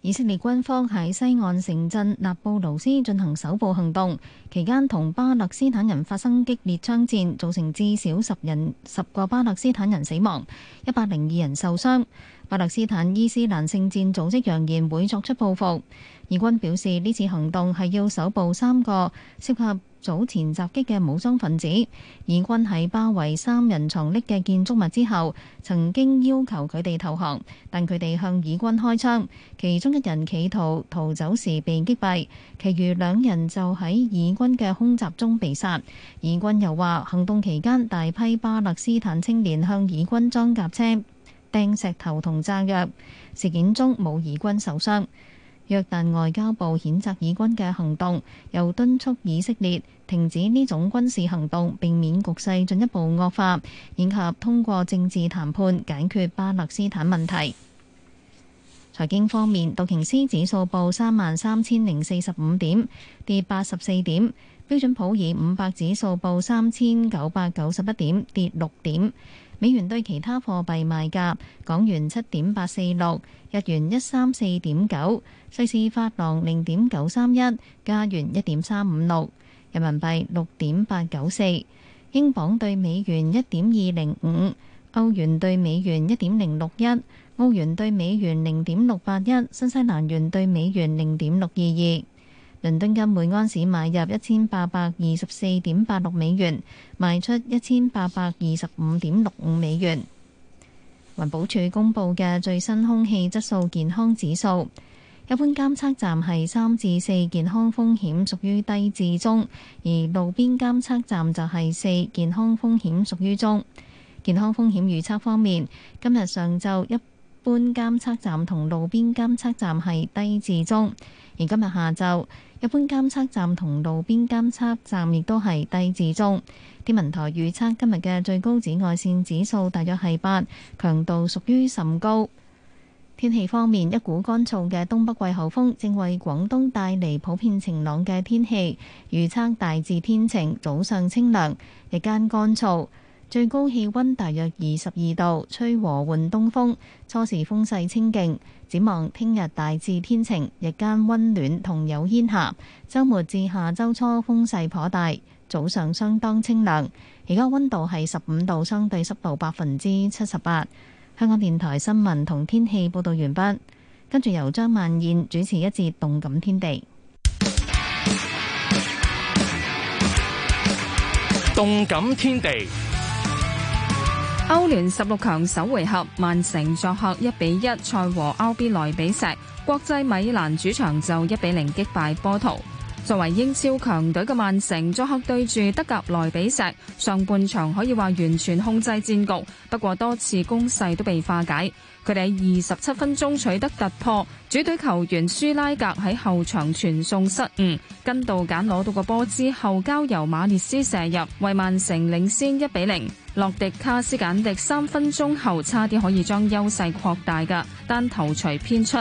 以色列軍方喺西岸城鎮納布魯斯進行首部行動，期間同巴勒斯坦人發生激烈槍戰，造成至少十人十個巴勒斯坦人死亡，一百零二人受傷。巴勒斯坦伊斯蘭聖戰組織揚言會作出報復。以軍表示，呢次行動係要首部三個適合早前襲擊嘅武裝分子，以軍喺包圍三人藏匿嘅建築物之後，曾經要求佢哋投降，但佢哋向以軍開槍。其中一人企圖逃走時被擊斃，其餘兩人就喺以軍嘅空襲中被殺。以軍又話，行動期間大批巴勒斯坦青年向以軍裝甲車掟石頭同炸藥。事件中冇以軍受傷。約旦外交部譴責以軍嘅行動，又敦促以色列停止呢種軍事行動，避免局勢進一步惡化，以及通過政治談判解決巴勒斯坦問題。財經方面，道瓊斯指數報三萬三千零四十五點，跌八十四點；標準普爾五百指數報三千九百九十一點，跌六點。美元對其他貨幣賣價：港元七點八四六，日元一三四點九，瑞士法郎零點九三一，加元一點三五六，人民幣六點八九四，英鎊對美元一點二零五，歐元對美元一點零六一，澳元對美元零點六八一，新西蘭元對美元零點六二二。倫敦金每安士買入一千八百二十四點八六美元，賣出一千八百二十五點六五美元。環保署公布嘅最新空氣質素健康指數，一般監測站係三至四健康風險，屬於低至中；而路邊監測站就係四健康風險，屬於中。健康風險預測方面，今日上晝一般監測站同路邊監測站係低至中。而今日下晝，一般監測站同路邊監測站亦都係低至中。天文台預測今日嘅最高紫外線指數大約係八，強度屬於甚高。天氣方面，一股乾燥嘅東北季候風正為廣東帶嚟普遍晴朗嘅天氣，預測大致天晴，早上清涼，日間乾燥。最高氣溫大約二十二度，吹和緩東風，初時風勢清勁。展望聽日大致天晴，日間溫暖同有煙霞。周末至下周初風勢頗大，早上相當清涼。而家溫度係十五度，相對濕度百分之七十八。香港電台新聞同天氣報道完畢，跟住由張萬燕主持一節《動感天地》。《動感天地》歐聯十六強首回合，曼城作客一比一賽和 RB 萊比錫。國際米蘭主場就一比零擊敗波圖。作為英超強隊嘅曼城作客對住德甲萊比錫，上半場可以話完全控制戰局，不過多次攻勢都被化解。佢哋喺二十七分鐘取得突破，主隊球員舒拉格喺後場傳送失誤，根道簡攞到個波之後交由馬列斯射入，為曼城領先一比零。洛迪卡斯簡迪三分鐘後差啲可以將優勢擴大嘅，單頭槌偏出。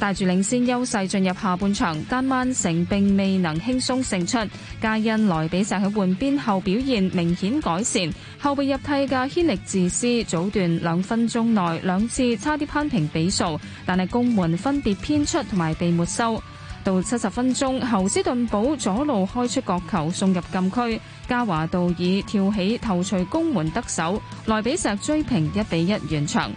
帶住領先優勢進入下半場，但曼城並未能輕鬆勝出。皆因萊比錫喺換邊後表現明顯改善，後備入替嘅軒歷治斯早段兩分鐘內兩次差啲扳平比數，但係攻門分別偏出同埋被沒收。到七十分鐘，侯斯頓堡左路開出角球送入禁區，加華道爾跳起頭槌攻門得手，萊比錫追平一比一完場。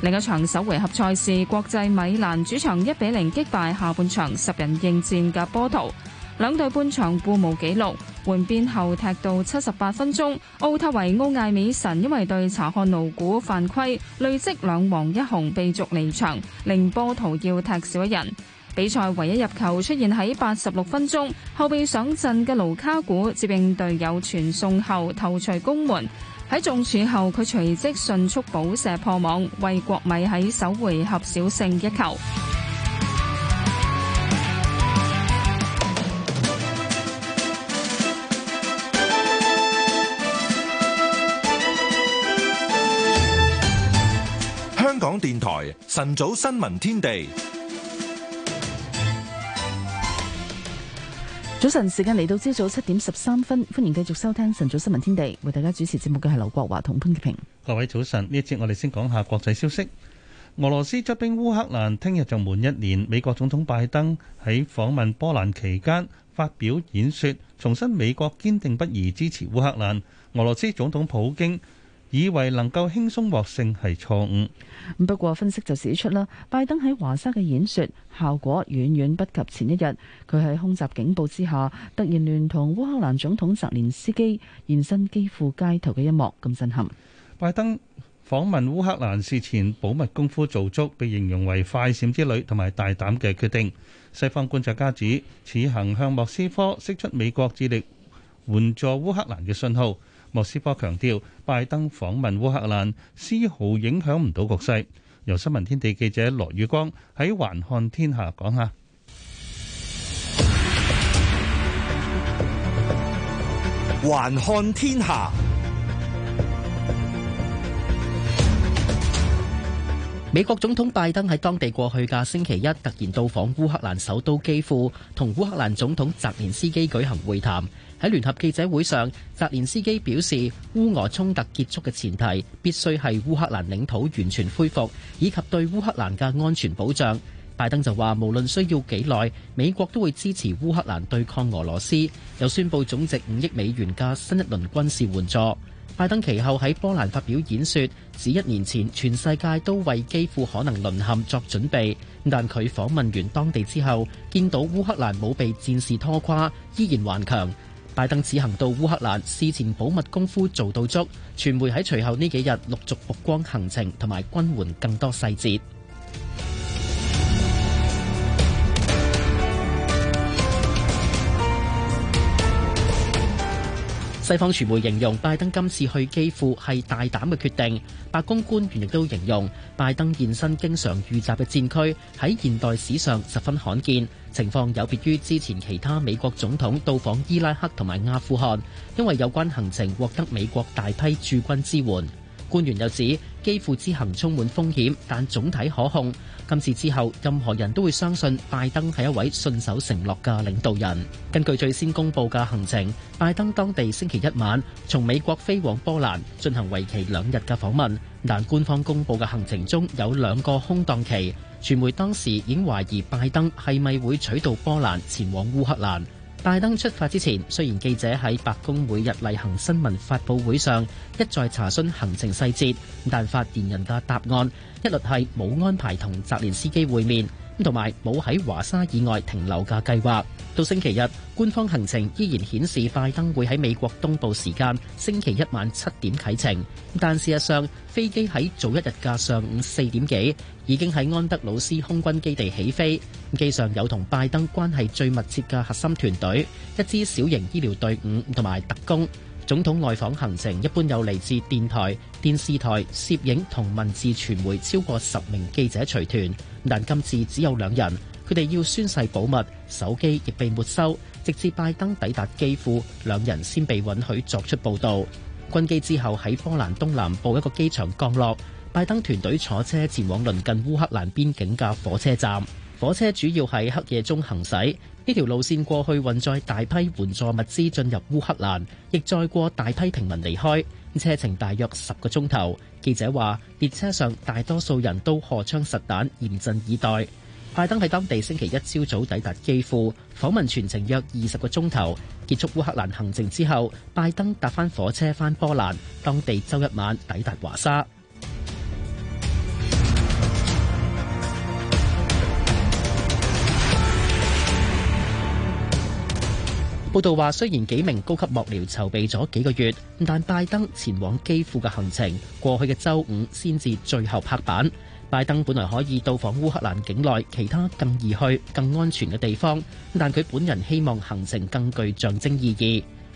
另一場首回合賽事，國際米蘭主場一比零擊敗下半場十人應戰嘅波圖，兩隊半場互無紀錄，換邊後踢到七十八分鐘，奧塔維奧艾美臣因為對查漢奴古犯規，累積兩黃一紅被逐離場，令波圖要踢少一人。比賽唯一入球出現喺八十六分鐘，後備上陣嘅盧卡古接應隊友傳送後頭槌攻門，喺中柱後，佢隨即迅速補射破網，為國米喺首回合小勝一球。香港電台晨早新聞天地。早晨，時間嚟到朝早七點十三分，歡迎繼續收聽晨早新聞天地，為大家主持節目嘅係劉國華同潘潔平。各位早晨，呢一節我哋先講下國際消息。俄羅斯出兵烏克蘭，聽日就滿一年。美國總統拜登喺訪問波蘭期間發表演說，重申美國堅定不移支持烏克蘭。俄羅斯總統普京。以為能夠輕鬆獲勝係錯誤。不過分析就指出啦，拜登喺華沙嘅演說效果遠遠不及前一日，佢喺空襲警報之下突然聯同烏克蘭總統澤連斯基現身基輔街頭嘅一幕咁震撼。拜登訪問烏克蘭事前保密功夫做足，被形容為快閃之旅同埋大膽嘅決定。西方觀察家指，此行向莫斯科釋出美國致力援助烏克蘭嘅信號。莫斯科強調，拜登訪問烏克蘭絲毫影響唔到局勢。由新聞天地記者羅宇光喺橫看天下講下。橫看天下，下天下美國總統拜登喺當地過去嘅星期一突然到訪烏克蘭首都基輔，同烏克蘭總統澤連斯基舉行會談。喺聯合記者會上，澤連斯基表示，烏俄衝突結束嘅前提必須係烏克蘭領土完全恢復，以及對烏克蘭嘅安全保障。拜登就話，無論需要幾耐，美國都會支持烏克蘭對抗俄羅斯，又宣布總值五億美元嘅新一輪軍事援助。拜登其後喺波蘭發表演說，指一年前全世界都為基輔可能淪陷作準備，但佢訪問完當地之後，見到烏克蘭冇被戰事拖垮，依然頑強。拜登此行到烏克蘭事前保密功夫做到足，傳媒喺隨後呢幾日陸續曝光行程同埋軍援更多細節。西方傳媒形容拜登今次去基輔係大膽嘅決定，白宮官員亦都形容拜登現身經常遇襲嘅戰區喺現代史上十分罕見，情況有別於之前其他美國總統到訪伊拉克同埋阿富汗，因為有關行程獲得美國大批駐軍支援。官員又指基輔之行充滿風險，但總體可控。今次之後，任何人都會相信拜登係一位信守承諾嘅領導人。根據最先公佈嘅行程，拜登當地星期一晚從美國飛往波蘭進行為期兩日嘅訪問。但官方公佈嘅行程中有兩個空檔期，傳媒當時已經懷疑拜登係咪會取道波蘭前往烏克蘭。拜登出發之前，雖然記者喺白宮每日例行新聞發佈會上一再查詢行程細節，但發言人嘅答案一律係冇安排同澤連斯基會面。咁同埋冇喺華沙以外停留嘅計劃。到星期日，官方行程依然顯示拜登會喺美國東部時間星期一晚七點啟程。但事實上，飛機喺早一日嘅上午四點幾已經喺安德魯斯空軍基地起飛，機上有同拜登關係最密切嘅核心團隊，一支小型醫療隊伍同埋特工。總統外訪行程一般有嚟自電台、電視台、攝影同文字傳媒超過十名記者隨團。但今次只有兩人，佢哋要宣誓保密，手機亦被沒收，直至拜登抵達機庫，兩人先被允許作出報道。軍機之後喺波蘭東南部一個機場降落，拜登團隊坐車前往鄰近烏克蘭邊境嘅火車站。火車主要喺黑夜中行駛，呢條路綫過去運載大批援助物資進入烏克蘭，亦載過大批平民離開，車程大約十個鐘頭。記者話，列車上大多數人都荷槍實彈，嚴陣以待。拜登喺當地星期一朝早抵達基輔，訪問全程約二十個鐘頭。結束烏克蘭行程之後，拜登搭翻火車翻波蘭，當地周一晚抵達華沙。報道話，雖然幾名高級幕僚籌備咗幾個月，但拜登前往基輔嘅行程，過去嘅週五先至最後拍板。拜登本來可以到訪烏克蘭境內其他更易去、更安全嘅地方，但佢本人希望行程更具象徵意義。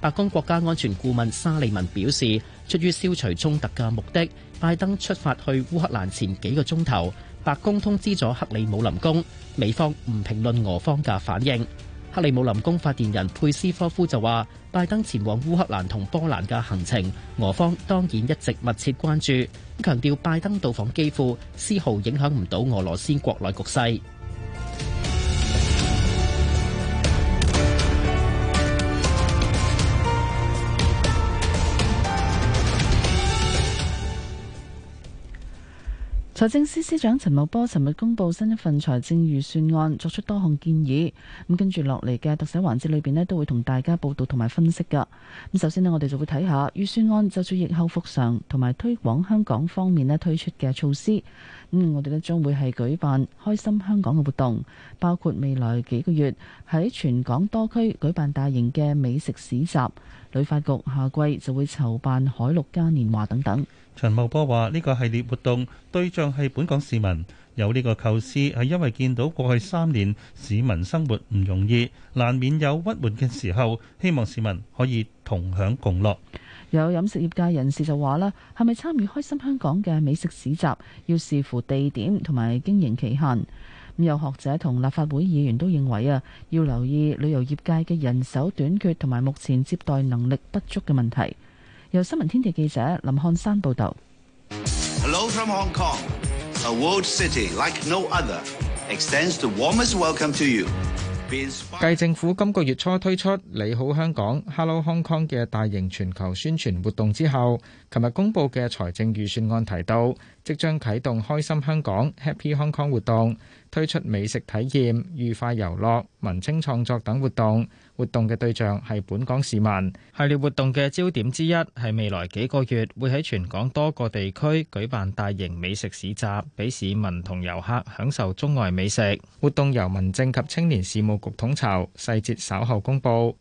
白宮國家安全顧問沙利文表示，出於消除衝突嘅目的，拜登出發去烏克蘭前幾個鐘頭，白宮通知咗克里姆林宮。美方唔評論俄方嘅反應。克里姆林宮發言人佩斯科夫就話，拜登前往烏克蘭同波蘭嘅行程，俄方當然一直密切關注，強調拜登到訪幾乎，絲毫影響唔到俄羅斯國內局勢。財政司司長陳茂波尋日公布新一份財政預算案，作出多項建議。咁跟住落嚟嘅特首環節裏邊咧，都會同大家報道同埋分析噶。咁首先呢，我哋就會睇下預算案就住疫後復常同埋推廣香港方面咧推出嘅措施。嗯，我哋咧將會係舉辦開心香港嘅活動，包括未來幾個月喺全港多區舉辦大型嘅美食市集。旅發局夏季就會籌辦海陸嘉年華等等。陳茂波話：呢個系列活動對象係本港市民，有呢個構思係因為見到過去三年市民生活唔容易，難免有鬱悶嘅時候，希望市民可以同享共樂。有飲食業界人士就話啦：係咪參與開心香港嘅美食市集，要視乎地點同埋經營期限。有學者同立法會議員都認為啊，要留意旅遊業界嘅人手短缺同埋目前接待能力不足嘅問題。由新聞天地記者林漢山報導。Hello from Hong Kong, a world city like no other, extends the warmest welcome to you。繼政府今個月初推出你好香港 Hello Hong Kong 嘅大型全球宣傳活動之後，琴日公布嘅財政預算案提到，即將啟動開心香港 Happy Hong Kong 活動。推出美食體驗、愉快遊樂、文青創作等活動，活動嘅對象係本港市民。系列活動嘅焦點之一係未來幾個月會喺全港多個地區舉辦大型美食市集，俾市民同遊客享受中外美食。活動由民政及青年事務局統籌，細節稍後公布。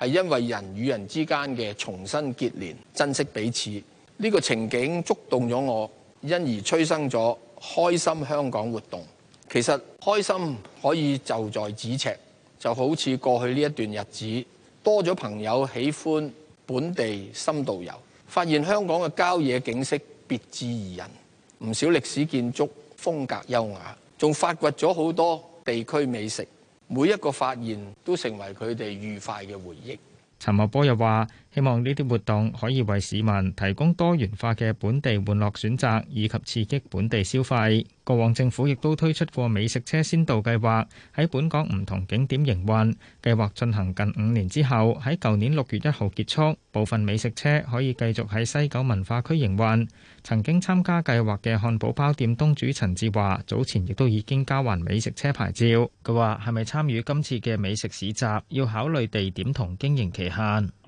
係因為人與人之間嘅重新結連，珍惜彼此，呢個情景觸動咗我，因而催生咗開心香港活動。其實開心可以就在咫尺，就好似過去呢一段日子，多咗朋友喜歡本地深度遊，發現香港嘅郊野景色別緻怡人，唔少歷史建築風格優雅，仲發掘咗好多地區美食。每一個發現都成為佢哋愉快嘅回憶。陳茂波又話。希望呢啲活動可以為市民提供多元化嘅本地玩樂選擇，以及刺激本地消費。過往政府亦都推出過美食車先導計劃，喺本港唔同景點營運。計劃進行近五年之後，喺舊年六月一號結束，部分美食車可以繼續喺西九文化區營運。曾經參加計劃嘅漢堡包店東主陳志華早前亦都已經交還美食車牌照。佢話，係咪參與今次嘅美食市集，要考慮地點同經營期限？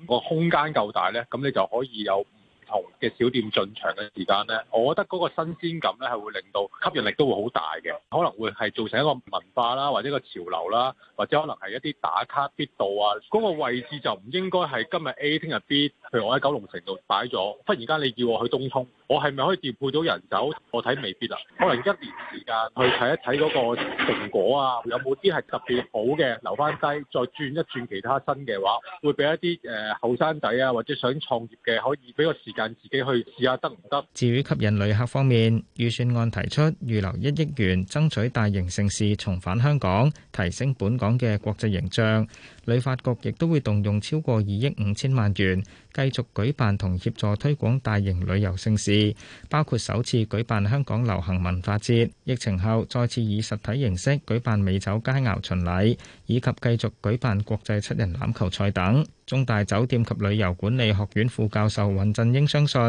間夠大呢，咁你就可以有唔同嘅小店進場嘅時間呢，我覺得嗰個新鮮感呢係會令到吸引力都會好大嘅，可能會係造成一個文化啦，或者個潮流啦，或者可能係一啲打卡必到啊。嗰個位置就唔應該係今日 A，聽日 B。譬如我喺九龍城度擺咗，忽然間你叫我去東涌，我係咪可以調配到人手？我睇未必啊。可能一年時間去睇一睇嗰個成果啊，有冇啲係特別好嘅留翻低，再轉一轉其他新嘅話會俾一啲誒後生仔啊，或者想創業嘅可以俾個時間自己去試下得唔得？至於吸引旅客方面，預算案提出預留一億元，爭取大型盛事重返香港，提升本港嘅國際形象。旅發局亦都會動用超過二億五千萬元，繼續舉辦同協助推廣大型旅遊盛事，包括首次舉辦香港流行文化節，疫情後再次以實體形式舉辦美酒佳餚巡禮。以及繼續舉辦國際七人欖球賽等。中大酒店及旅遊管理學院副教授尹振英相信，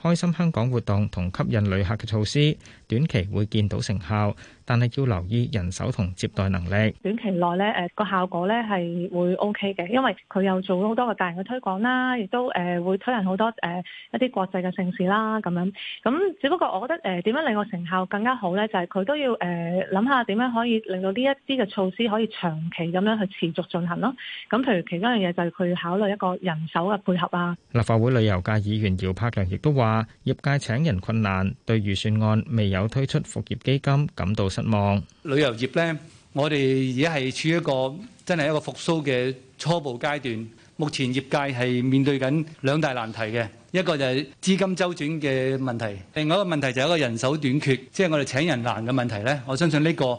開心香港活動同吸引旅客嘅措施，短期會見到成效，但係要留意人手同接待能力。短期內呢，誒個效果呢係會 OK 嘅，因為佢又做咗好多個大型嘅推廣啦，亦都誒會推行好多誒一啲國際嘅盛事啦，咁樣。咁只不過我覺得誒點樣令個成效更加好呢，就係佢都要誒諗下點樣可以令到呢一啲嘅措施可以長期。咁樣去持續進行咯。咁譬如其他樣嘢就係去考慮一個人手嘅配合啊。立法會旅遊界議員姚柏良亦都話：業界請人困難，對預算案未有推出復業基金感到失望。旅遊業咧，我哋而家係處於一個真係一個復甦嘅初步階段。目前業界係面對緊兩大難題嘅，一個就係資金週轉嘅問題，另外一個問題就係一個人手短缺，即係我哋請人難嘅問題咧。我相信呢個。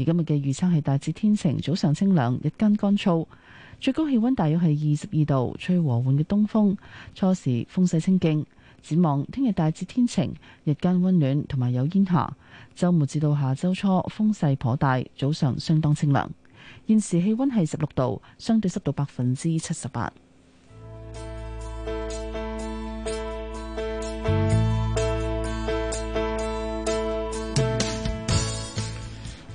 而今日嘅預測係大致天晴，早上清涼，日間乾燥，最高氣温大約係二十二度，吹和緩嘅東風，初時風勢清勁。展望聽日大致天晴，日間温暖同埋有煙霞。周末至到下周初，風勢頗大，早上相當清涼。現時氣温係十六度，相對濕度百分之七十八。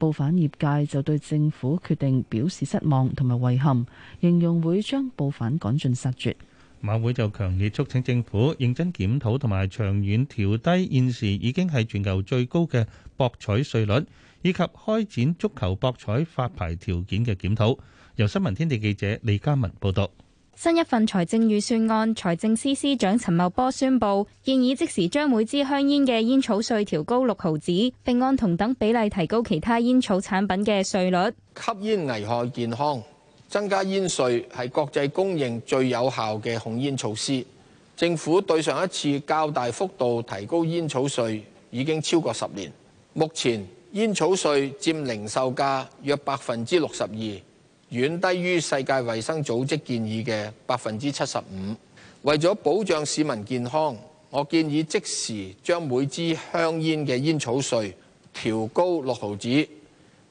暴反業界就對政府決定表示失望同埋遺憾，形容會將暴反趕盡殺絕。馬會就強烈促請政府認真檢討同埋長遠調低現時已經係全球最高嘅博彩稅率，以及開展足球博彩發牌條件嘅檢討。由新聞天地記者李嘉文報道。新一份財政預算案，財政司司長陳茂波宣布，現已即時將每支香煙嘅煙草稅調高六毫子，並按同等比例提高其他煙草產品嘅稅率。吸煙危害健康，增加煙稅係國際公認最有效嘅控煙措施。政府對上一次較大幅度提高煙草稅已經超過十年，目前煙草稅佔零售價約百分之六十二。遠低於世界衛生組織建議嘅百分之七十五。為咗保障市民健康，我建議即時將每支香煙嘅煙草稅調高六毫子，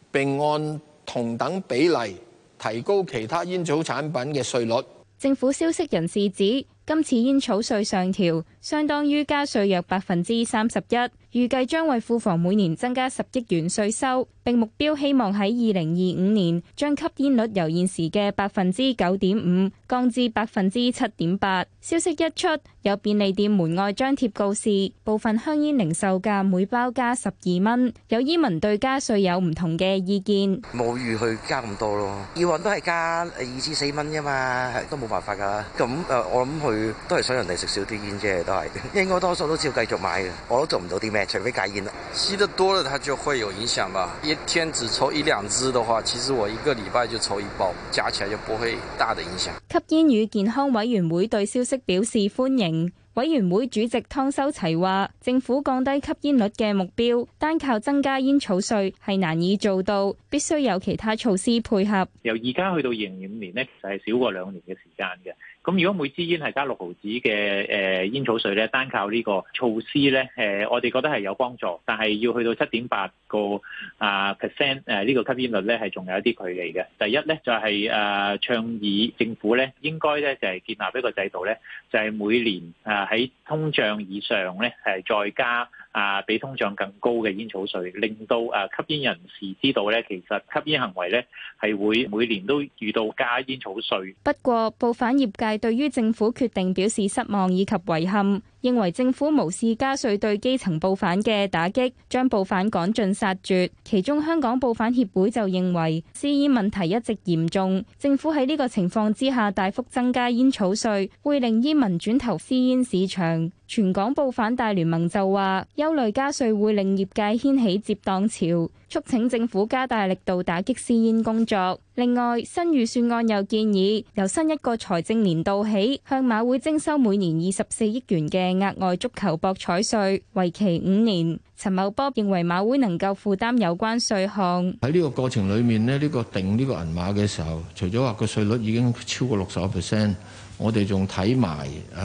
並按同等比例提高其他煙草產品嘅稅率。政府消息人士指，今次煙草稅上調相當於加稅約百分之三十一。預計將為庫房每年增加十億元稅收，並目標希望喺二零二五年將吸煙率由現時嘅百分之九點五降至百分之七點八。消息一出，有便利店門外張貼告示，部分香煙零售價每包加十二蚊。有煙民對加稅有唔同嘅意見，冇預去加咁多咯。以往都係加二至四蚊啫嘛，都冇辦法噶。咁誒，我諗佢都係想人哋食少啲煙啫，都係應該多數都照繼續買嘅，我都做唔到啲咩。除非戒煙吸得多了，它就會有影響吧。一天只抽一兩支的話，其實我一個禮拜就抽一包，加起來就不會大的影響。吸煙與健康委員會對消息表示歡迎。委員會主席湯修齊話，政府降低吸煙率嘅目標，單靠增加煙草稅係難以做到，必須有其他措施配合由。由而家去到二零二五年咧，就係少過兩年嘅時間嘅。咁如果每支煙係加六毫子嘅誒煙草稅咧，單靠呢個措施咧，誒我哋覺得係有幫助，但係要去到七點八個啊 percent 誒呢個吸煙率咧係仲有一啲距離嘅。第一咧就係、是、誒倡議政府咧應該咧就係、是、建立一個制度咧，就係、是、每年誒喺通脹以上咧係再加。啊！比通脹更高嘅煙草稅，令到啊吸煙人士知道咧，其實吸煙行為咧係會每年都遇到加煙草稅。不過報販業界對於政府決定表示失望以及遺憾，認為政府無視加稅對基層報販嘅打擊，將報販趕盡殺絕。其中，香港報販協會就認為私煙問題一直嚴重，政府喺呢個情況之下大幅增加煙草稅，會令煙民轉投私煙市場。全港報販大聯盟就話，憂慮加稅會令業界掀起接檔潮，促請政府加大力度打擊私煙工作。另外，新預算案又建議，由新一個財政年度起，向馬會徵收每年二十四億元嘅額外足球博彩稅，為期五年。陳茂波認為馬會能夠負擔有關稅項。喺呢個過程裡面咧，呢、呢個定呢個銀碼嘅時候，除咗話個稅率已經超過六十個 percent。我哋仲睇埋誒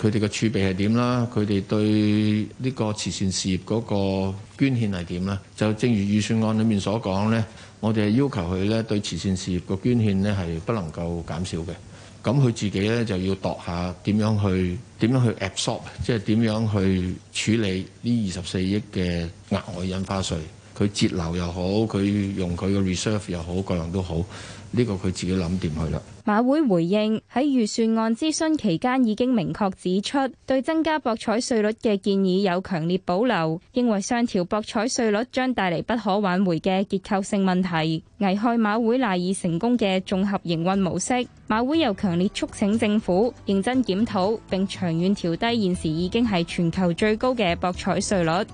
佢哋嘅儲備係點啦，佢哋對呢個慈善事業嗰個捐獻係點啦？就正如預算案裏面所講咧，我哋係要求佢咧對慈善事業個捐獻咧係不能夠減少嘅。咁佢自己咧就要度下點樣去點樣去 absorb，即係點樣去處理呢二十四億嘅額外印花稅，佢節流又好，佢用佢嘅 reserve 又好，各樣都好，呢、這個佢自己諗掂去啦。馬會回應，喺預算案諮詢期間已經明確指出，對增加博彩稅率嘅建議有強烈保留，認為上調博彩稅率將帶嚟不可挽回嘅結構性問題，危害馬會賴以成功嘅綜合營運模式。馬會又強烈促請政府認真檢討，並長遠調低現時已經係全球最高嘅博彩稅率。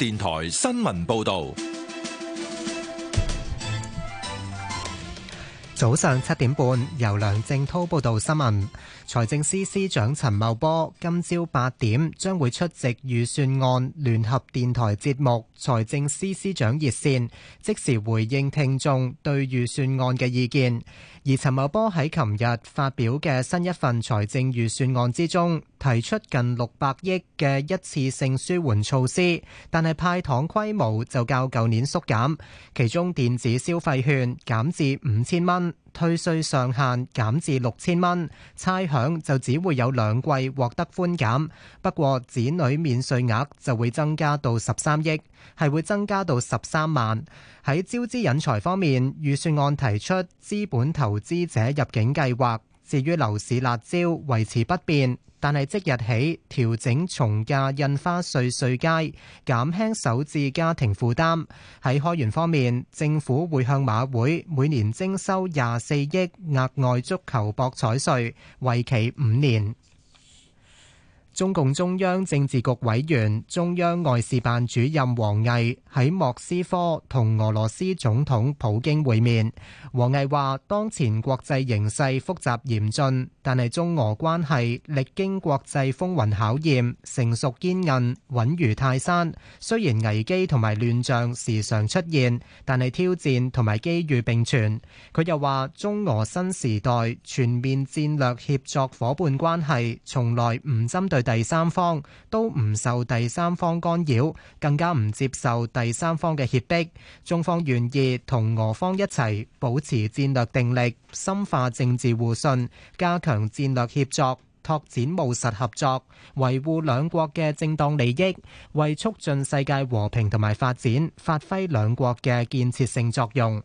電台新聞報道，早上七點半由梁正濤報道新聞。財政司司長陳茂波今朝八點將會出席預算案聯合電台節目《財政司司長熱線》，即時回應聽眾對預算案嘅意見。而陳茂波喺琴日發表嘅新一份財政預算案之中，提出近六百億嘅一次性舒緩措施，但係派糖規模就較舊年縮減，其中電子消費券減至五千蚊。退稅上限減至六千蚊，差餉就只會有兩季獲得寬減。不過子女免稅額就會增加到十三億，係會增加到十三萬。喺招資引才方面，預算案提出資本投資者入境計劃。至於樓市辣招維持不變，但係即日起調整從價印花稅稅階，減輕首置家庭負擔。喺開源方面，政府會向馬會每年徵收廿四億額外足球博彩稅，為期五年。中共中央政治局委員、中央外事辦主任王毅喺莫斯科同俄羅斯總統普京會面。王毅話：當前國際形勢複雜嚴峻，但係中俄關係歷經國際風雲考驗，成熟堅韌，穩如泰山。雖然危機同埋亂象時常出現，但係挑戰同埋機遇並存。佢又話：中俄新時代全面戰略協作伙伴關係從來唔針對。第三方都唔受第三方干擾，更加唔接受第三方嘅脅迫。中方願意同俄方一齊保持戰略定力，深化政治互信，加強戰略協作，拓展務實合作，維護兩國嘅正當利益，為促進世界和平同埋發展發揮兩國嘅建設性作用。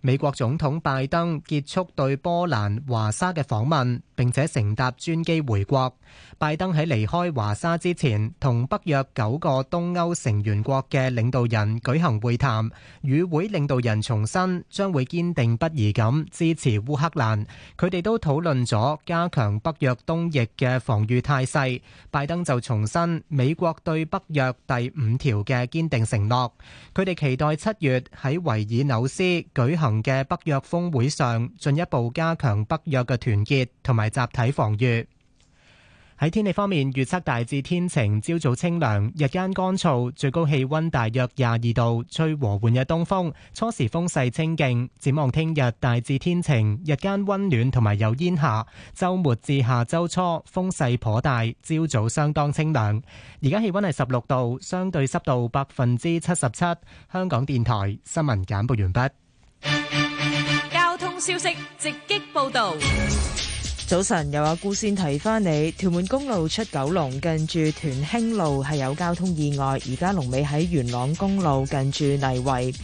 美國總統拜登結束對波蘭華沙嘅訪問，並且乘搭專機回國。拜登喺離開華沙之前，同北約九個東歐成員國嘅領導人舉行會談，與會領導人重申將會堅定不移咁支持烏克蘭。佢哋都討論咗加強北約東翼嘅防禦態勢。拜登就重申美國對北約第五條嘅堅定承諾。佢哋期待七月喺維爾紐斯舉行嘅北約峰會上，進一步加強北約嘅團結同埋集體防禦。喺天氣方面，預測大致天晴，朝早清涼，日間乾燥，最高氣溫大約廿二度，吹和緩嘅東風，初時風勢清勁。展望聽日，大致天晴，日間溫暖同埋有煙霞，周末至下周初風勢頗大，朝早相當清涼。而家氣溫係十六度，相對濕度百分之七十七。香港電台新聞簡報完畢。交通消息直擊報道。早晨，有阿姑先提返你，屯門公路出九龍，近住屯興路係有交通意外，而家龍尾喺元朗公路近住泥圍。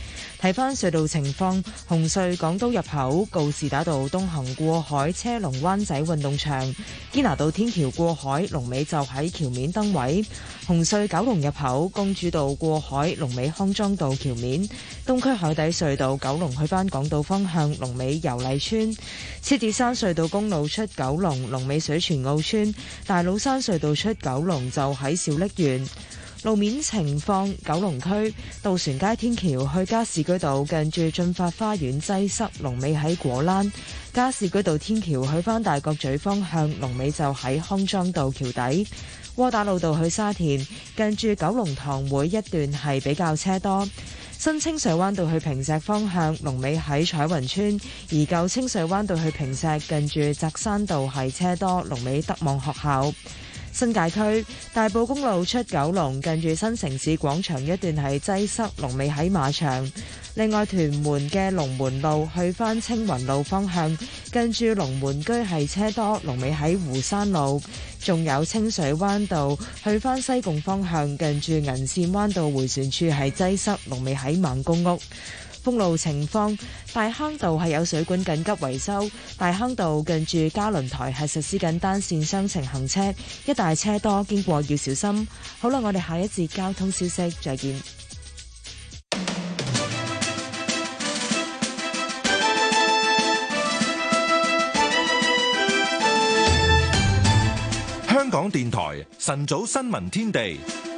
睇翻隧道情況，紅隧港島入口告士打道東行過海車龍灣仔運動場，堅拿道天橋過海龍尾就喺橋面燈位；紅隧九龍入口公主道過海龍尾康莊道橋面，東區海底隧道九龍去返港島方向龍尾油麗村，獅子山隧道公路出九龍龍尾水泉澳村，大老山隧道出九龍就喺小瀝源。路面情況：九龍區渡船街天橋去加士居道，近住進發花園擠塞，龍尾喺果欄；加士居道天橋去返大角咀方向，龍尾就喺康莊道橋底；窩打老道去沙田，近住九龍塘會一段係比較車多；新清水灣道去坪石方向，龍尾喺彩雲村；而舊清水灣道去坪石，近住扎山道係車多，龍尾德望學校。新界區大埔公路出九龍，近住新城市廣場一段係擠塞，龍尾喺馬場。另外，屯門嘅龍門路去返青雲路方向，近住龍門居係車多，龍尾喺湖山路。仲有清水灣道去返西貢方向，近住銀線灣道迴旋處係擠塞，龍尾喺孟公屋。封路情況，大坑道係有水管緊急維修，大坑道近住嘉倫台係實施緊單線雙程行車，一大車多，經過要小心。好啦，我哋下一節交通消息再見。香港電台晨早新聞天地。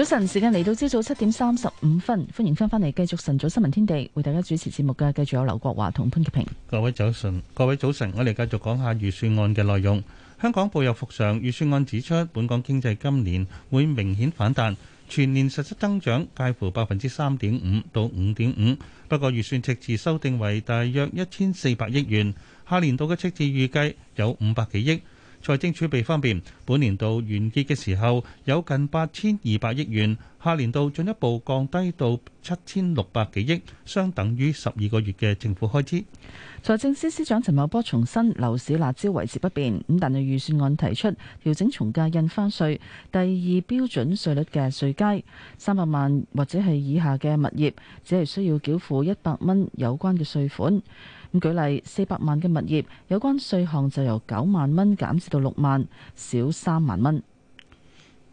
早晨，時間嚟到朝早七點三十五分，歡迎翻返嚟繼續晨早新聞天地，為大家主持節目嘅繼續有劉國華同潘潔平。各位早晨，各位早晨，我哋繼續講下預算案嘅內容。香港步入復常，預算案指出，本港經濟今年會明顯反彈，全年實質增長介乎百分之三點五到五點五。不過，預算赤字修訂為大約一千四百億元，下年度嘅赤字預計有五百幾億。財政儲備方面，本年度完結嘅時候有近八千二百億元，下年度進一步降低到七千六百幾億，相等於十二個月嘅政府開支。財政司司長陳茂波重申樓市辣招維持不變，咁但係預算案提出調整從價印花稅第二標準稅率嘅稅階，三百萬或者係以下嘅物業，只係需要繳付一百蚊有關嘅稅款。咁舉例，四百萬嘅物業有關稅項就由九萬蚊減少到六萬，少三萬蚊。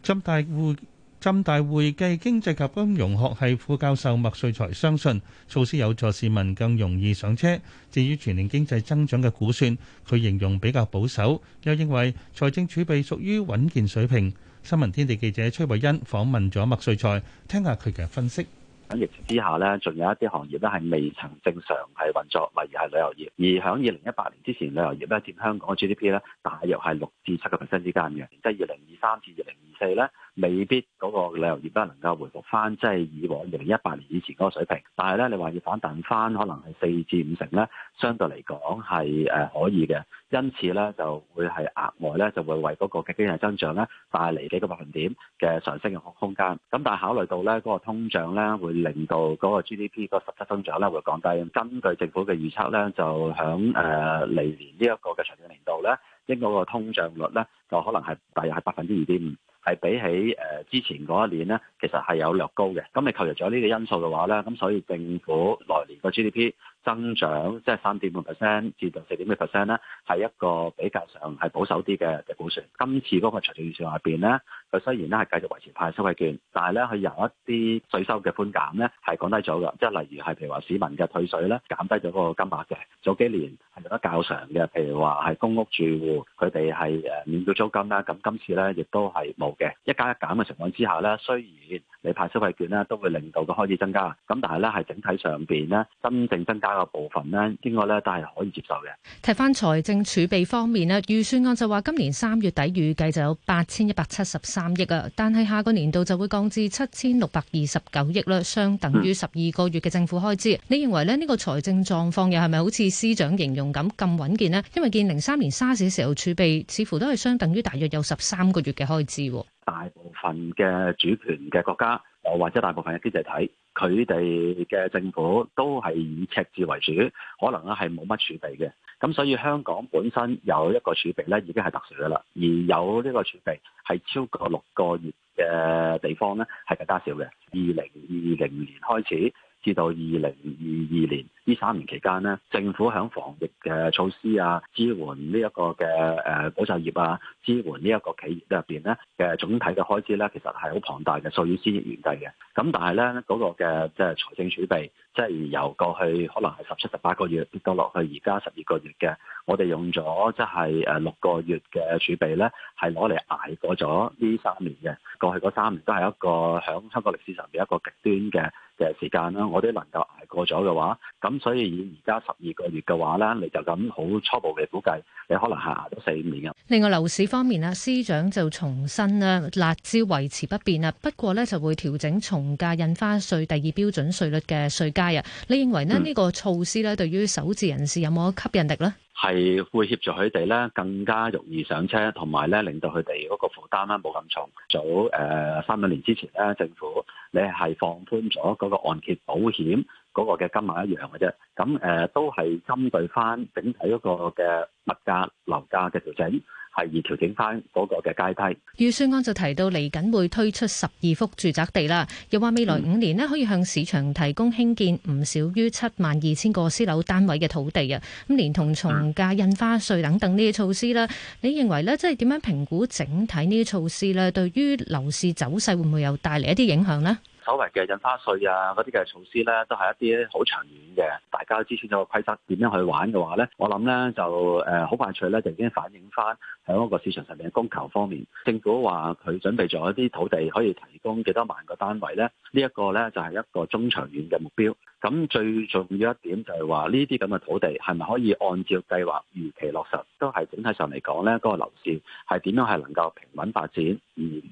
浸大會浸大會計經濟及金融學系副教授麥瑞才相信措施有助市民更容易上車。至於全年經濟增長嘅估算，佢形容比較保守，又認為財政儲備屬於穩健水平。新聞天地記者崔慧欣訪問咗麥瑞才，聽下佢嘅分析。咁疫情之下咧，仲有一啲行業咧係未曾正常係運作，例如係旅遊業。而喺二零一八年之前，旅遊業咧佔香港嘅 GDP 咧大約係六至七個 percent 之間嘅，即係二零二三至二零二四咧。未必嗰個旅遊業都能夠恢復翻，即係以往二零一八年以前嗰個水平。但係咧，你話要反彈翻，可能係四至五成咧，相對嚟講係誒可以嘅。因此咧，就會係額外咧，就會為嗰個嘅經濟增長咧帶嚟幾個百分點嘅上升嘅空間。咁但係考慮到咧嗰個通脹咧，會令到嗰個 G D P 嗰實質增長咧會降低。根據政府嘅預測咧，就響誒嚟年呢一個嘅財政年度咧，應該個通脹率咧就可能係大約係百分之二點五。係比起誒、呃、之前嗰一年咧，其實係有略高嘅。咁你扣除咗呢個因素嘅話咧，咁、嗯、所以政府來年個 GDP，增長即係三點五 percent 至到四點幾 percent 咧，係一個比較上係保守啲嘅嘅預算。今次嗰個財政預算入邊咧，佢雖然咧係繼續維持派消費券，但係咧佢有一啲稅收嘅寬減咧係降低咗嘅，即係例如係譬如話市民嘅退稅咧減低咗嗰個金額嘅。早幾年係有得較長嘅，譬如話係公屋住戶佢哋係誒免繳租金啦，咁今次咧亦都係冇嘅。一加一減嘅情況之下咧，雖然你派消費券咧都會令到個開支增加，咁但係咧係整體上邊咧真正增加。嘅部分呢應該咧都係可以接受嘅。提翻財政儲備方面咧，預算案就話今年三月底預計就有八千一百七十三億啊，但係下個年度就會降至七千六百二十九億啦，相等於十二個月嘅政府開支。嗯、你認為咧呢個財政狀況又係咪好似司長形容咁咁穩健咧？因為見零三年沙士嘅時候儲備似乎都係相等於大約有十三個月嘅開支。大部分嘅主權嘅國家。或者大部分嘅經濟體，佢哋嘅政府都係以赤字為主，可能咧係冇乜儲備嘅。咁所以香港本身有一個儲備咧，已經係特殊嘅啦。而有呢個儲備，係超過六個月嘅地方咧，係更加少嘅。二零二零年開始。至到二零二二年，呢三年期間咧，政府響防疫嘅措施啊，支援呢一個嘅誒保就業啊，支援呢一個企業入邊咧嘅總體嘅開支咧，其實係好龐大嘅，數以千億元計嘅。咁但係咧，嗰個嘅即係財政儲備，即係由過去可能係十七十八個月跌到落去而家十二個月嘅，我哋用咗即係誒六個月嘅儲備咧，係攞嚟捱過咗呢三年嘅。過去嗰三年都係一個響香港歷史上面一個極端嘅嘅時間啦，我哋能夠捱過咗嘅話，咁所以以而家十二個月嘅話咧，你就咁好初步嘅估計，你可能係捱到四五年嘅。另外樓市方面咧，司長就重申咧，辣招維持不變啊，不過咧就會調整從價印花稅第二標準稅率嘅稅階啊。你認為呢？呢個措施咧對於首置人士有冇吸引力呢？嗯係會協助佢哋咧，更加容易上車，同埋咧令到佢哋嗰個負擔咧冇咁重。早誒三兩年之前咧，政府你係放寬咗嗰個按揭保險嗰個嘅金額一樣嘅啫。咁誒、呃、都係針對翻整體嗰個嘅物價、樓價嘅調整。第二，調整翻嗰個嘅階梯。預算案就提到嚟緊會推出十二幅住宅地啦，又話未來五年呢，可以向市場提供興建唔少於七萬二千個私樓單位嘅土地啊。咁連同從價印花稅等等呢啲措施咧，嗯、你認為呢？即係點樣評估整體呢啲措施呢？對於樓市走勢會唔會又帶嚟一啲影響呢？所謂嘅印花稅啊，嗰啲嘅措施咧，都係一啲好長遠嘅，大家諮詢咗個規則點樣去玩嘅話咧，我諗咧就誒好快脆咧就已經反映翻喺一個市場上面嘅供求方面。政府話佢準備咗一啲土地可以提供幾多萬個單位咧，這個、呢一個咧就係、是、一個中長遠嘅目標。咁最重要一點就係話呢啲咁嘅土地係咪可以按照計劃如期落實？都係整體上嚟講咧，嗰個樓市係點樣係能夠平穩發展？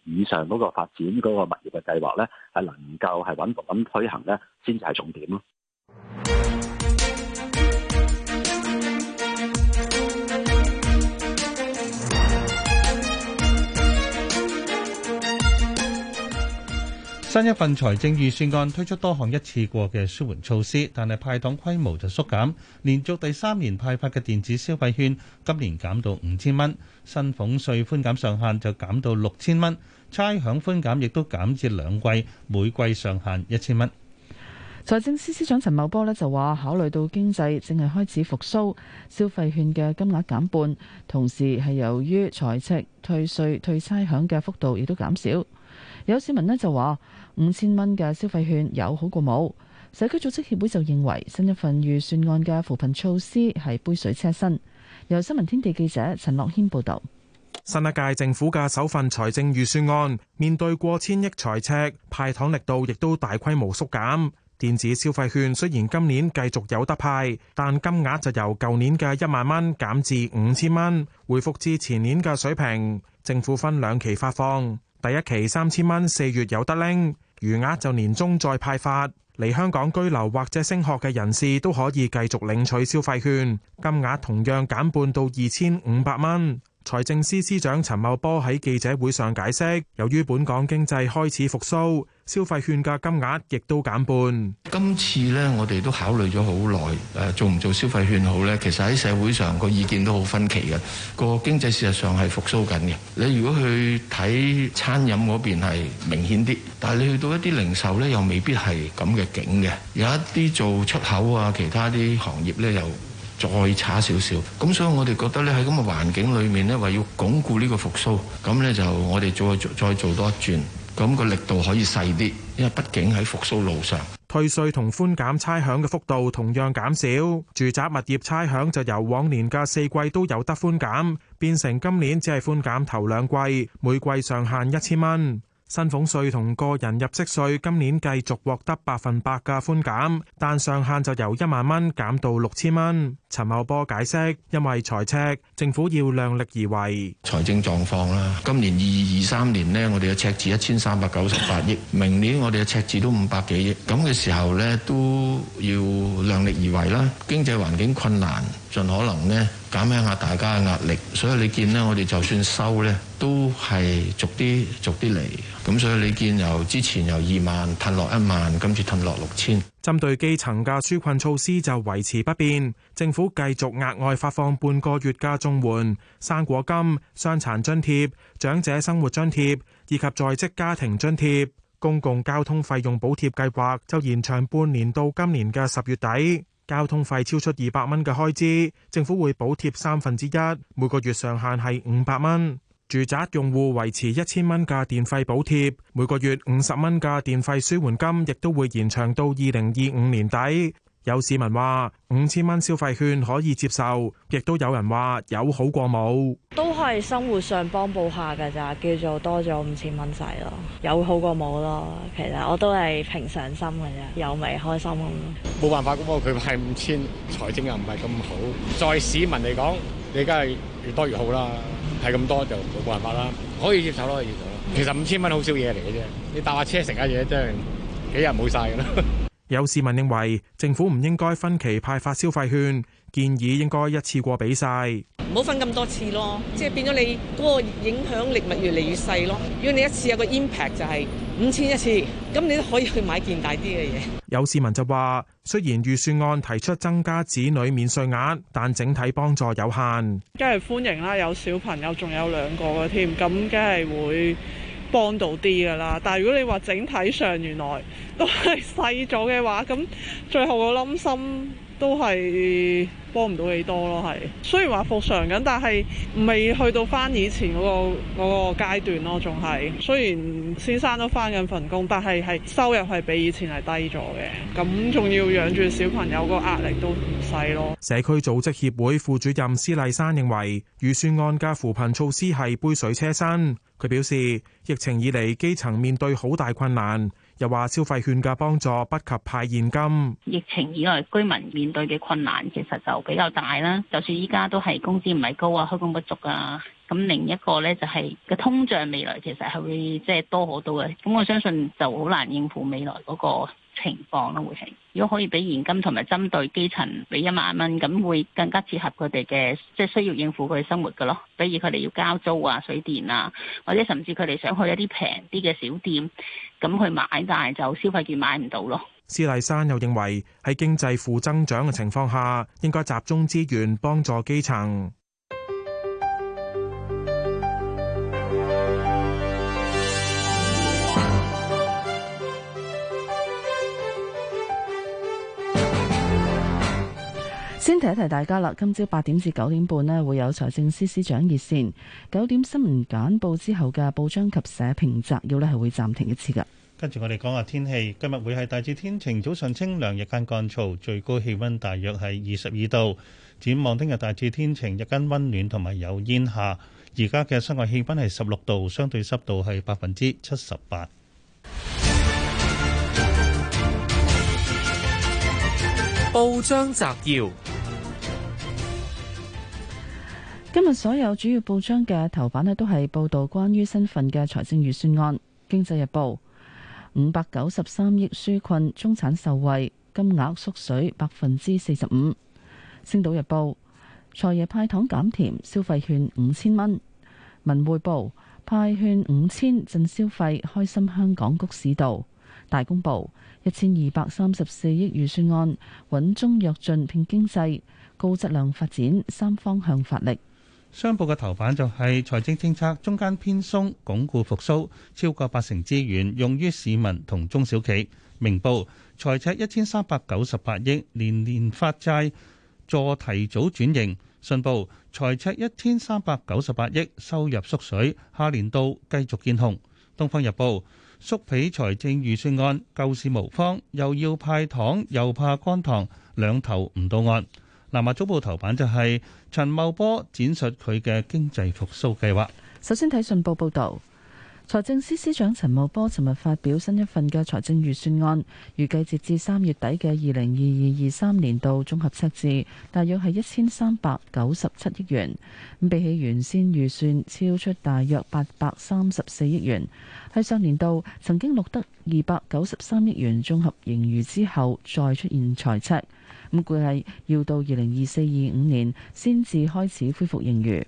以上嗰個發展嗰個物業嘅計劃咧，係能夠係穩固咁推行咧，先至係重點咯。新一份財政預算案推出多項一次過嘅舒緩措施，但係派糖規模就縮減。連續第三年派發嘅電子消費券今年減到五千蚊，薪俸稅寬減上限就減到六千蚊，差餉寬減亦都減至兩季，每季上限一千蚊。財政司司長陳茂波咧就話：考慮到經濟正係開始復甦，消費券嘅金額減半，同時係由於財赤、退稅、退差餉嘅幅度亦都減少。有市民咧就話。五千蚊嘅消費券有好過冇？社區組織協會就認為，新一份預算案嘅扶貧措施係杯水車薪。由新聞天地記者陳樂軒報導。新一屆政府嘅首份財政預算案面對過千億財赤，派糖力度亦都大規模縮減。電子消費券雖然今年繼續有得派，但金額就由舊年嘅一萬蚊減至五千蚊，回復至前年嘅水平。政府分兩期發放，第一期三千蚊，四月有得拎。餘額就年中再派發，嚟香港居留或者升學嘅人士都可以繼續領取消費券，金額同樣減半到二千五百蚊。財政司司長陳茂波喺記者會上解釋，由於本港經濟開始復甦，消費券嘅金額亦都減半。今次呢，我哋都考慮咗好耐，誒，做唔做消費券好呢？其實喺社會上個意見都好分歧嘅。個經濟事實上係復甦緊嘅。你如果去睇餐飲嗰邊係明顯啲，但係你去到一啲零售呢，又未必係咁嘅景嘅。有一啲做出口啊，其他啲行業呢，又。再差少少，咁所以我哋覺得咧喺咁嘅環境裏面呢，話要鞏固呢個復甦，咁呢就我哋再再做多一轉，咁個力度可以細啲，因為畢竟喺復甦路上，退稅同寬減差餉嘅幅度同樣減少，住宅物業差餉就由往年嘅四季都有得寬減，變成今年只係寬減頭兩季，每季上限一千蚊。薪俸稅同個人入息稅今年繼續獲得百分百嘅寬減，但上限就由一萬蚊減到六千蚊。陳茂波解釋，因為財赤，政府要量力而為，財政狀況啦，今年二二三年呢，我哋嘅赤字一千三百九十八億，明年我哋嘅赤字都五百幾億，咁嘅時候呢，都要量力而為啦，經濟環境困難。盡可能呢，減輕下大家嘅壓力，所以你見呢，我哋就算收呢，都係逐啲逐啲嚟。咁所以你見由之前由二萬褪落一萬，今次褪落六千。針對基層嘅紓困措施就維持不變，政府繼續額外發放半個月嘅綜援、生果金、傷殘津貼、長者生活津貼以及在職家庭津貼、公共交通費用補貼計劃，就延長半年到今年嘅十月底。交通費超出二百蚊嘅開支，政府會補貼三分之一，3, 每個月上限係五百蚊。住宅用戶維持一千蚊嘅電費補貼，每個月五十蚊嘅電費紓緩金，亦都會延長到二零二五年底。有市民話五千蚊消費券可以接受，亦都有人話有好過冇，都係生活上幫補下噶咋，叫做多咗五千蚊使咯，有好過冇咯。其實我都係平常心嘅啫。有咪開心咁咯。冇辦法噶嘛，佢係五千，財政又唔係咁好。在市民嚟講，你梗係越多越好啦，係咁多就冇辦法啦，可以接受咯，其實五千蚊好少嘢嚟嘅啫，你搭下車食下嘢，真係幾日冇晒噶啦。 有市民認為政府唔應該分期派發消費券，建議應該一次過俾晒，唔好分咁多次咯，即係變咗你嗰個影響力咪越嚟越細咯。如果你一次有個 impact 就係五千一次，咁你都可以去買件大啲嘅嘢。有市民就話，雖然預算案提出增加子女免稅額，但整體幫助有限。梗係歡迎啦，有小朋友仲有兩個嘅添，咁梗係會。幫到啲噶啦，但係如果你話整體上原來都係細咗嘅話，咁最後我冧心都係幫唔到幾多咯。係雖然話復常緊，但係未去到翻以前嗰個嗰個階段咯，仲係雖然先生都翻緊份工，但係係收入係比以前係低咗嘅，咁仲要養住小朋友個壓力都唔細咯。社區組織協會副主任施麗珊認為，預算案嘅扶貧措施係杯水車薪。佢表示，疫情以嚟基層面對好大困難，又話消費券嘅幫助不及派現金。疫情以嚟，居民面對嘅困難其實就比較大啦，就算依家都係工資唔係高啊，開工不足啊。咁另一個咧就係、是、個通脹未來其實係會即係多好多嘅，咁我相信就好難應付未來嗰個情況咯，會係如果可以俾現金同埋針對基層俾一萬蚊，咁會更加切合佢哋嘅即係需要應付佢生活嘅咯。比如佢哋要交租啊、水電啊，或者甚至佢哋想去一啲平啲嘅小店，咁去買，但係就消費券買唔到咯。施麗珊又認為，喺經濟負增長嘅情況下，應該集中資源幫助基層。提提大家啦，今朝八點至九點半咧會有財政司司長熱線。九點新聞簡報之後嘅報章及社評摘要咧係會暫停一次嘅。跟住我哋講下天氣，今日會係大致天晴，早上清涼，日間乾燥，最高氣溫大約係二十二度。展望聽日大致天晴，日間溫暖同埋有煙霞。而家嘅室外氣溫係十六度，相對濕度係百分之七十八。報章摘要。今日所有主要報章嘅頭版咧，都係報道關於身份嘅財政預算案。《經濟日報》五百九十三億紓困中產受惠，金額縮水百分之四十五。《星島日報》財爺派糖減甜，消費券五千蚊。《文匯報》派券五千振消費，開心香港谷市道。《大公報》一千二百三十四億預算案穩中躍進，拼經濟，高質量發展三方向發力。商報嘅頭版就係財政政策，中間偏鬆，鞏固復甦，超過八成資源用於市民同中小企。明報財赤一千三百九十八億，年年發債助提早轉型。信報財赤一千三百九十八億，收入縮水，下年度繼續見紅。東方日報縮皮財政預算案，救市無方，又要派糖又怕乾糖，兩頭唔到岸。南華早報頭版就係陳茂波展述佢嘅經濟復甦計劃。首先睇信報報道，財政司司長陳茂波尋日發表新一份嘅財政預算案，預計截至三月底嘅二零二二二三年度綜合赤字大約係一千三百九十七億元，咁比起原先預算超出大約八百三十四億元。喺上年度曾經錄得二百九十三億元綜合盈餘之後，再出現財赤。咁佢係要到二零二四二五年先至開始恢復盈餘。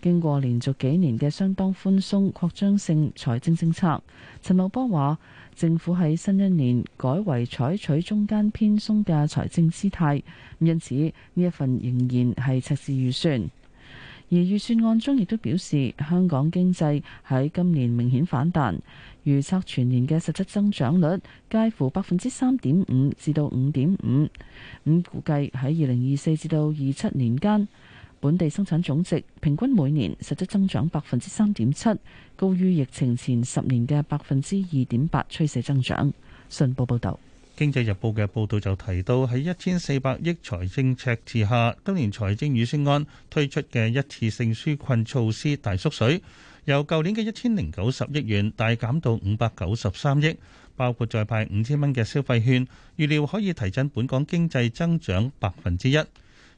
經過連續幾年嘅相當寬鬆擴張性財政政策，陳茂波話政府喺新一年改為採取中間偏鬆嘅財政姿態，因此呢一份仍然係赤字預算。而預算案中亦都表示，香港經濟喺今年明顯反彈。預測全年嘅實質增長率介乎百分之三點五至到五點五，咁估計喺二零二四至到二七年間，本地生產總值平均每年實質增長百分之三點七，高於疫情前十年嘅百分之二點八趨勢增長。信報報道，《經濟日報》嘅報道就提到喺一千四百億財政赤字下，今年財政預算案推出嘅一次性紓困措施大縮水。由舊年嘅一千零九十億元大減到五百九十三億，包括再派五千蚊嘅消費券，預料可以提振本港經濟增長百分之一。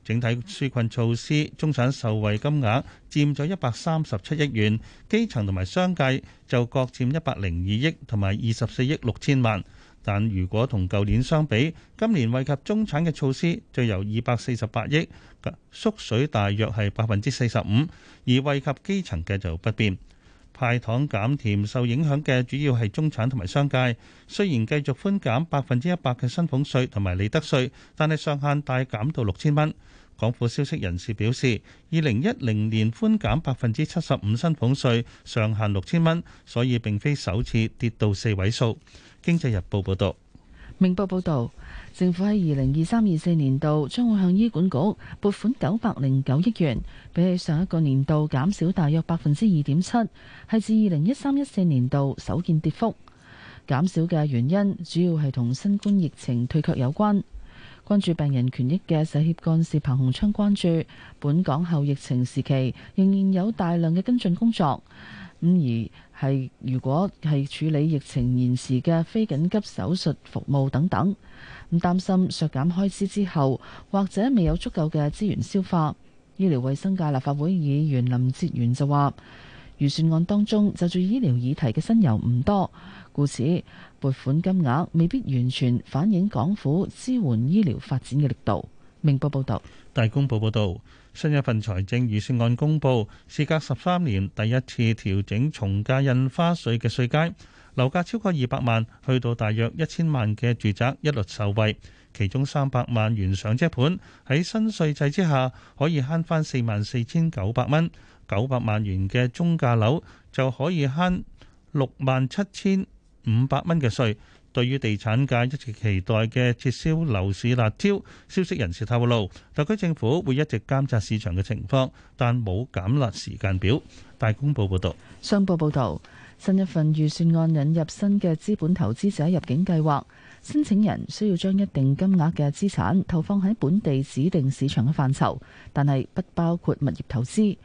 整體紓困措施中產受惠金額佔咗一百三十七億元，基層同埋商界就各佔一百零二億同埋二十四億六千萬。但如果同舊年相比，今年惠及中產嘅措施就由二百四十八億縮水，大約係百分之四十五，而惠及基層嘅就不變。派糖減甜受影響嘅主要係中產同埋商界，雖然繼續寬減百分之一百嘅薪俸稅同埋利得稅，但係上限大減到六千蚊。港府消息人士表示，二零一零年寬減百分之七十五薪俸稅上限六千蚊，所以並非首次跌到四位數。經濟日報報道，明報報道，政府喺二零二三二四年度將會向醫管局撥款九百零九億元，比起上一個年度減少大約百分之二點七，係自二零一三一四年度首見跌幅。減少嘅原因主要係同新冠疫情退卻有關。關注病人權益嘅社協幹事彭鴻昌關注，本港後疫情時期仍然有大量嘅跟進工作。咁而係如果係處理疫情延時嘅非緊急手術服務等等，咁擔心削減開支之後或者未有足夠嘅資源消化，醫療衛生界立法會議員林哲玄就話：預算案當中就住醫療議題嘅新猷唔多，故此撥款金額未必完全反映港府支援醫療發展嘅力度。明報報道。大公報報導。新一份財政預算案公布，事隔十三年第一次調整重價印花稅嘅稅階，樓價超過二百萬去到大約一千萬嘅住宅一律受惠。其中三百萬元上車盤喺新稅制之下可以慳翻四萬四千九百蚊，九百萬元嘅中價樓就可以慳六萬七千五百蚊嘅稅。對於地產界一直期待嘅撤銷樓市辣招，消息人士透露，特區政府會一直監察市場嘅情況，但冇減辣時間表。大公報報道，商報報道，新一份預算案引入新嘅資本投資者入境計劃，申請人需要將一定金額嘅資產投放喺本地指定市場嘅範疇，但係不包括物業投資。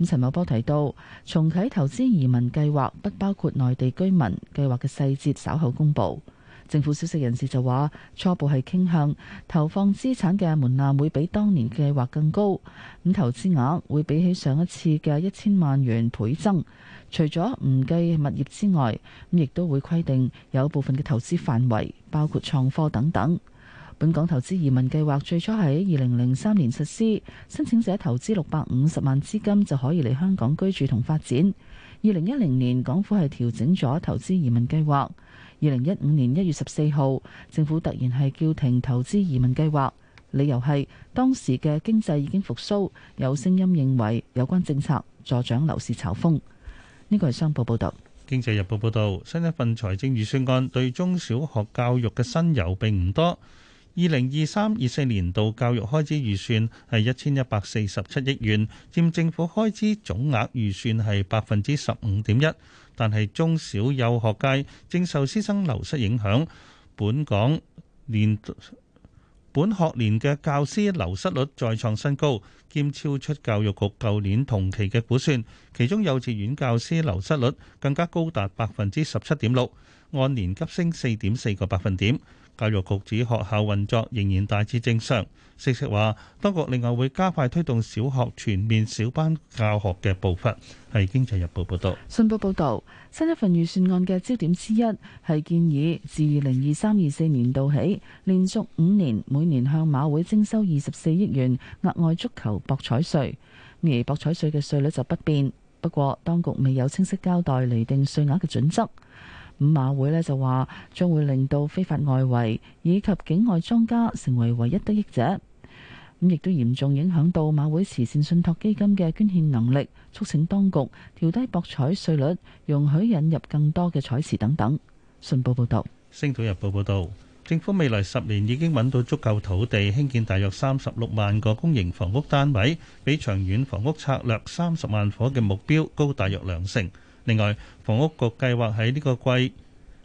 咁陳茂波提到，重啟投資移民計劃不包括內地居民，計劃嘅細節稍後公布。政府消息人士就話，初步係傾向投放資產嘅門檻會比當年計劃更高。咁投資額會比起上一次嘅一千萬元倍增，除咗唔計物業之外，亦都會規定有部分嘅投資範圍，包括創科等等。本港投資移民計劃最初喺二零零三年實施，申請者投資六百五十萬資金就可以嚟香港居住同發展。二零一零年，港府係調整咗投資移民計劃。二零一五年一月十四號，政府突然係叫停投資移民計劃，理由係當時嘅經濟已經復甦。有聲音認為有關政策助長樓市炒風。呢個係商報報導，《經濟日報》報導，新一份財政預算案對中小學教育嘅新猷並唔多。二零二三二四年度教育開支預算係一千一百四十七億元，佔政府開支總額預算係百分之十五點一。但係中小幼學界正受師生流失影響，本港年本學年嘅教師流失率再創新高，兼超出教育局舊年同期嘅估算。其中幼稚園教師流失率更加高達百分之十七點六，按年急升四點四個百分點。教育局指，學校運作仍然大致正常。消息話，當局另外會加快推動小學全面小班教學嘅步伐。係《經濟日報》報道，信報報道，新一份預算案嘅焦點之一係建議自二零二三二四年度起，連續五年每年向馬會徵收二十四億元額外足球博彩稅，而博彩稅嘅稅率就不變。不過當局未有清晰交代釐定稅額嘅準則。五馬會呢就話，將會令到非法外圍以及境外莊家成為唯一得益者。咁亦都嚴重影響到馬會慈善信託基金嘅捐獻能力，促請當局調低博彩稅率，容許引入更多嘅彩池等等。信報報導，《星島日報》報導，政府未來十年已經揾到足夠土地興建大約三十六萬個公營房屋單位，比長遠房屋策略三十萬伙嘅目標高大約兩成。另外，房屋局計劃喺呢個季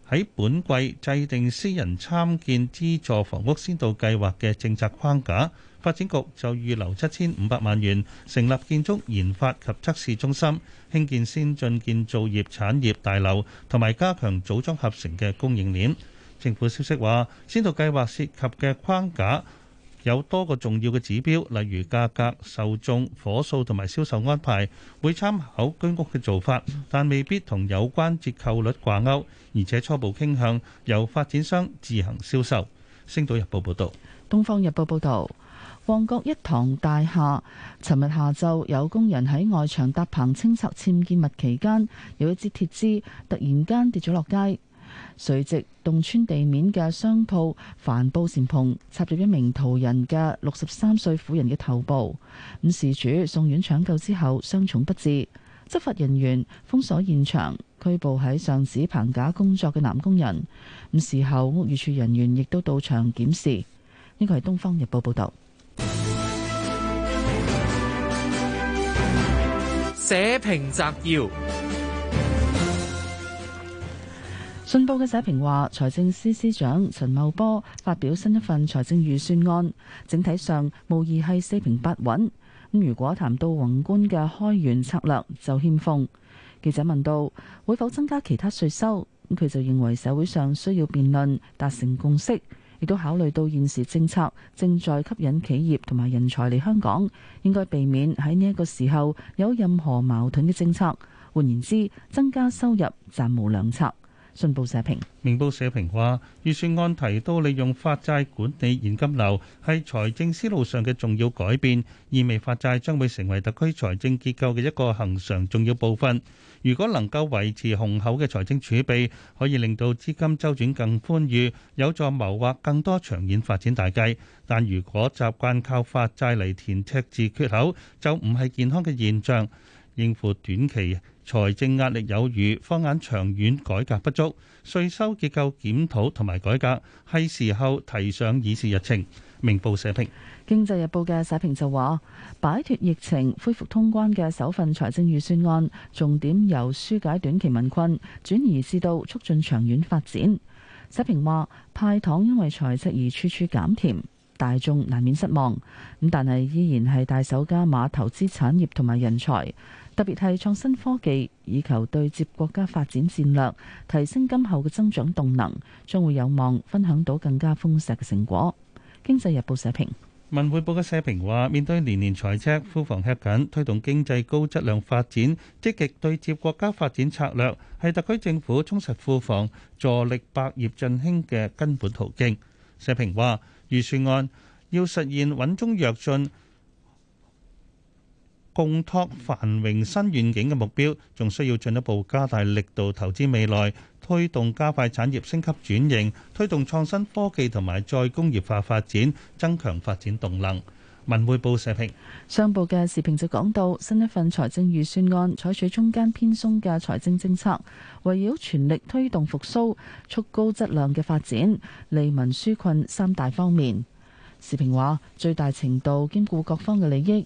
喺本季制定私人參建資助房屋先導計劃嘅政策框架，發展局就預留七千五百萬元成立建築研發及測試中心，興建先進建造業產業大樓，同埋加強組裝合成嘅供應鏈。政府消息話，先導計劃涉及嘅框架。有多個重要嘅指標，例如價格、受眾、火數同埋銷售安排，會參考居屋嘅做法，但未必同有關折扣率掛鈎，而且初步傾向由發展商自行銷售。星島日報報道。東方日報報道，旺角一堂大廈，尋日下晝有工人喺外牆搭棚清拆僭建物期間，有一支鐵枝突然間跌咗落街。垂直洞穿地面嘅商鋪帆布檐篷，插入一名途人嘅六十三歲婦人嘅頭部。五事主送院搶救之後，傷重不治。執法人員封鎖現場，拘捕喺上址棚架工作嘅男工人。五事後，屋宇署人員亦都到場檢視。呢個係《東方日報》報道。社評摘要。信報嘅社評話，財政司司長陳茂波發表新一份財政預算案，整體上無疑係四平八穩。咁如果談到宏觀嘅開源策略就欠奉。記者問到會否增加其他稅收，咁佢就認為社會上需要辯論達成共識，亦都考慮到現時政策正在吸引企業同埋人才嚟香港，應該避免喺呢一個時候有任何矛盾嘅政策。換言之，增加收入暫無良策。信報社評，明報社評話，預算案提到利用發債管理現金流係財政思路上嘅重要改變，意味發債將會成為特區財政結構嘅一個恒常重要部分。如果能夠維持雄厚嘅財政儲備，可以令到資金週轉更寬裕，有助謀劃更多長遠發展大計。但如果習慣靠發債嚟填赤字缺口，就唔係健康嘅現象，應付短期財政壓力有餘，放眼長遠改革不足，稅收結構檢討同埋改革係時候提上議事日程。明報社評。《經濟日報》嘅社評就話：擺脱疫情，恢復通關嘅首份財政預算案，重點由疏解短期民困轉移至到促進長遠發展。社評話：派糖因為財赤而處處減甜，大眾難免失望。咁但係依然係大手加碼投資產業同埋人才。特別係創新科技，以求對接國家發展戰略，提升今後嘅增長動能，將會有望分享到更加豐碩嘅成果。經濟日報社評，文匯報嘅社評話：面對年年財赤、庫房吃緊，推動經濟高質量發展，積極對接國家發展策略，係特區政府充實庫房、助力百業振興嘅根本途徑。社評話預算案要實現穩中躍進。共拓繁榮新願景嘅目標，仲需要進一步加大力度投資未來，推動加快產業升級轉型，推動創新科技同埋再工業化發展，增強發展動能。文匯報社評上報嘅時評就講到，新一份財政預算案採取中間偏鬆嘅財政政策，圍繞全力推動復甦、促高質量嘅發展、利民紓困三大方面。時評話，最大程度兼顧各方嘅利益。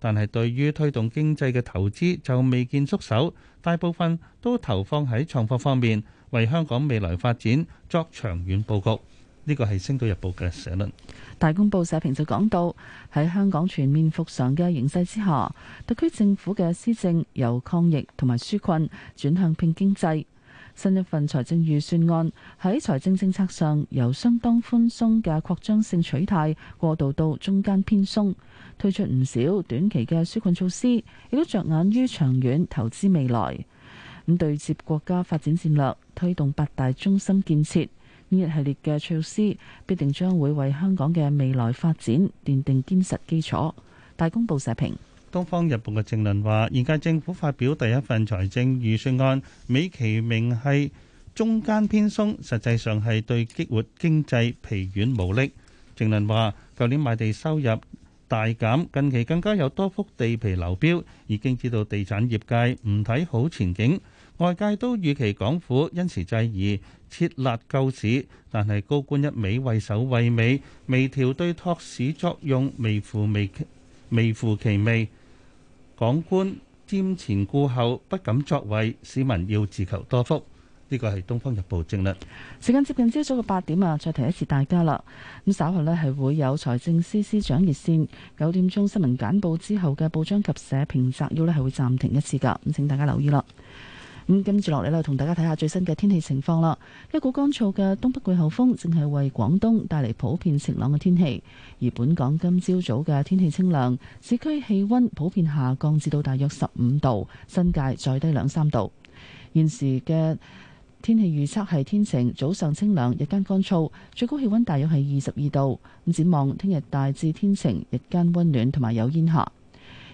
但係對於推動經濟嘅投資就未見縮手，大部分都投放喺創科方面，為香港未來發展作長遠佈局。呢個係《星島日報》嘅社論。大公報社評就講到喺香港全面復常嘅形勢之下，特區政府嘅施政由抗疫同埋紓困轉向拼經濟。新一份財政預算案喺財政政策上由相當寬鬆嘅擴張性取態過渡到中間偏鬆。推出唔少短期嘅紓困措施，亦都着眼於長遠投資未來，咁對接國家發展戰略，推動八大中心建設呢一系列嘅措施，必定將會為香港嘅未來發展奠定堅實基礎。大公報社評，《東方日報》嘅正論話：現屆政府發表第一份財政預算案，美其名係中間偏鬆，實際上係對激活經濟疲軟無力。正論話：舊年賣地收入。大減，近期更加有多幅地皮流標，已經知道地產業界唔睇好前景。外界都預期港府因時制宜設立救市，但係高官一味畏首畏尾，微調對托市作用微乎微，微乎其微。港官瞻前顧後，不敢作為，市民要自求多福。呢個係《東方日報》證精略。時間接近朝早嘅八點啊，再提一次大家啦。咁稍後呢，係會有財政司司長熱線。九點鐘新聞簡報之後嘅報章及社評摘要呢，係會暫停一次㗎。咁請大家留意啦。咁跟住落嚟呢，同大家睇下最新嘅天氣情況啦。一股乾燥嘅東北季候風正係為廣東帶嚟普遍晴朗嘅天氣，而本港今朝早嘅天氣清涼，市區氣温普遍下降至到大約十五度，新界再低兩三度。現時嘅天氣預測係天晴，早上清涼，日間乾燥，最高氣溫大約係二十二度。咁展望聽日大致天晴，日間溫暖同埋有煙霞。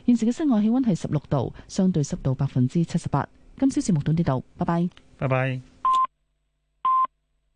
現時嘅室外氣溫係十六度，相對濕度百分之七十八。今朝節目到呢度，拜拜，拜拜。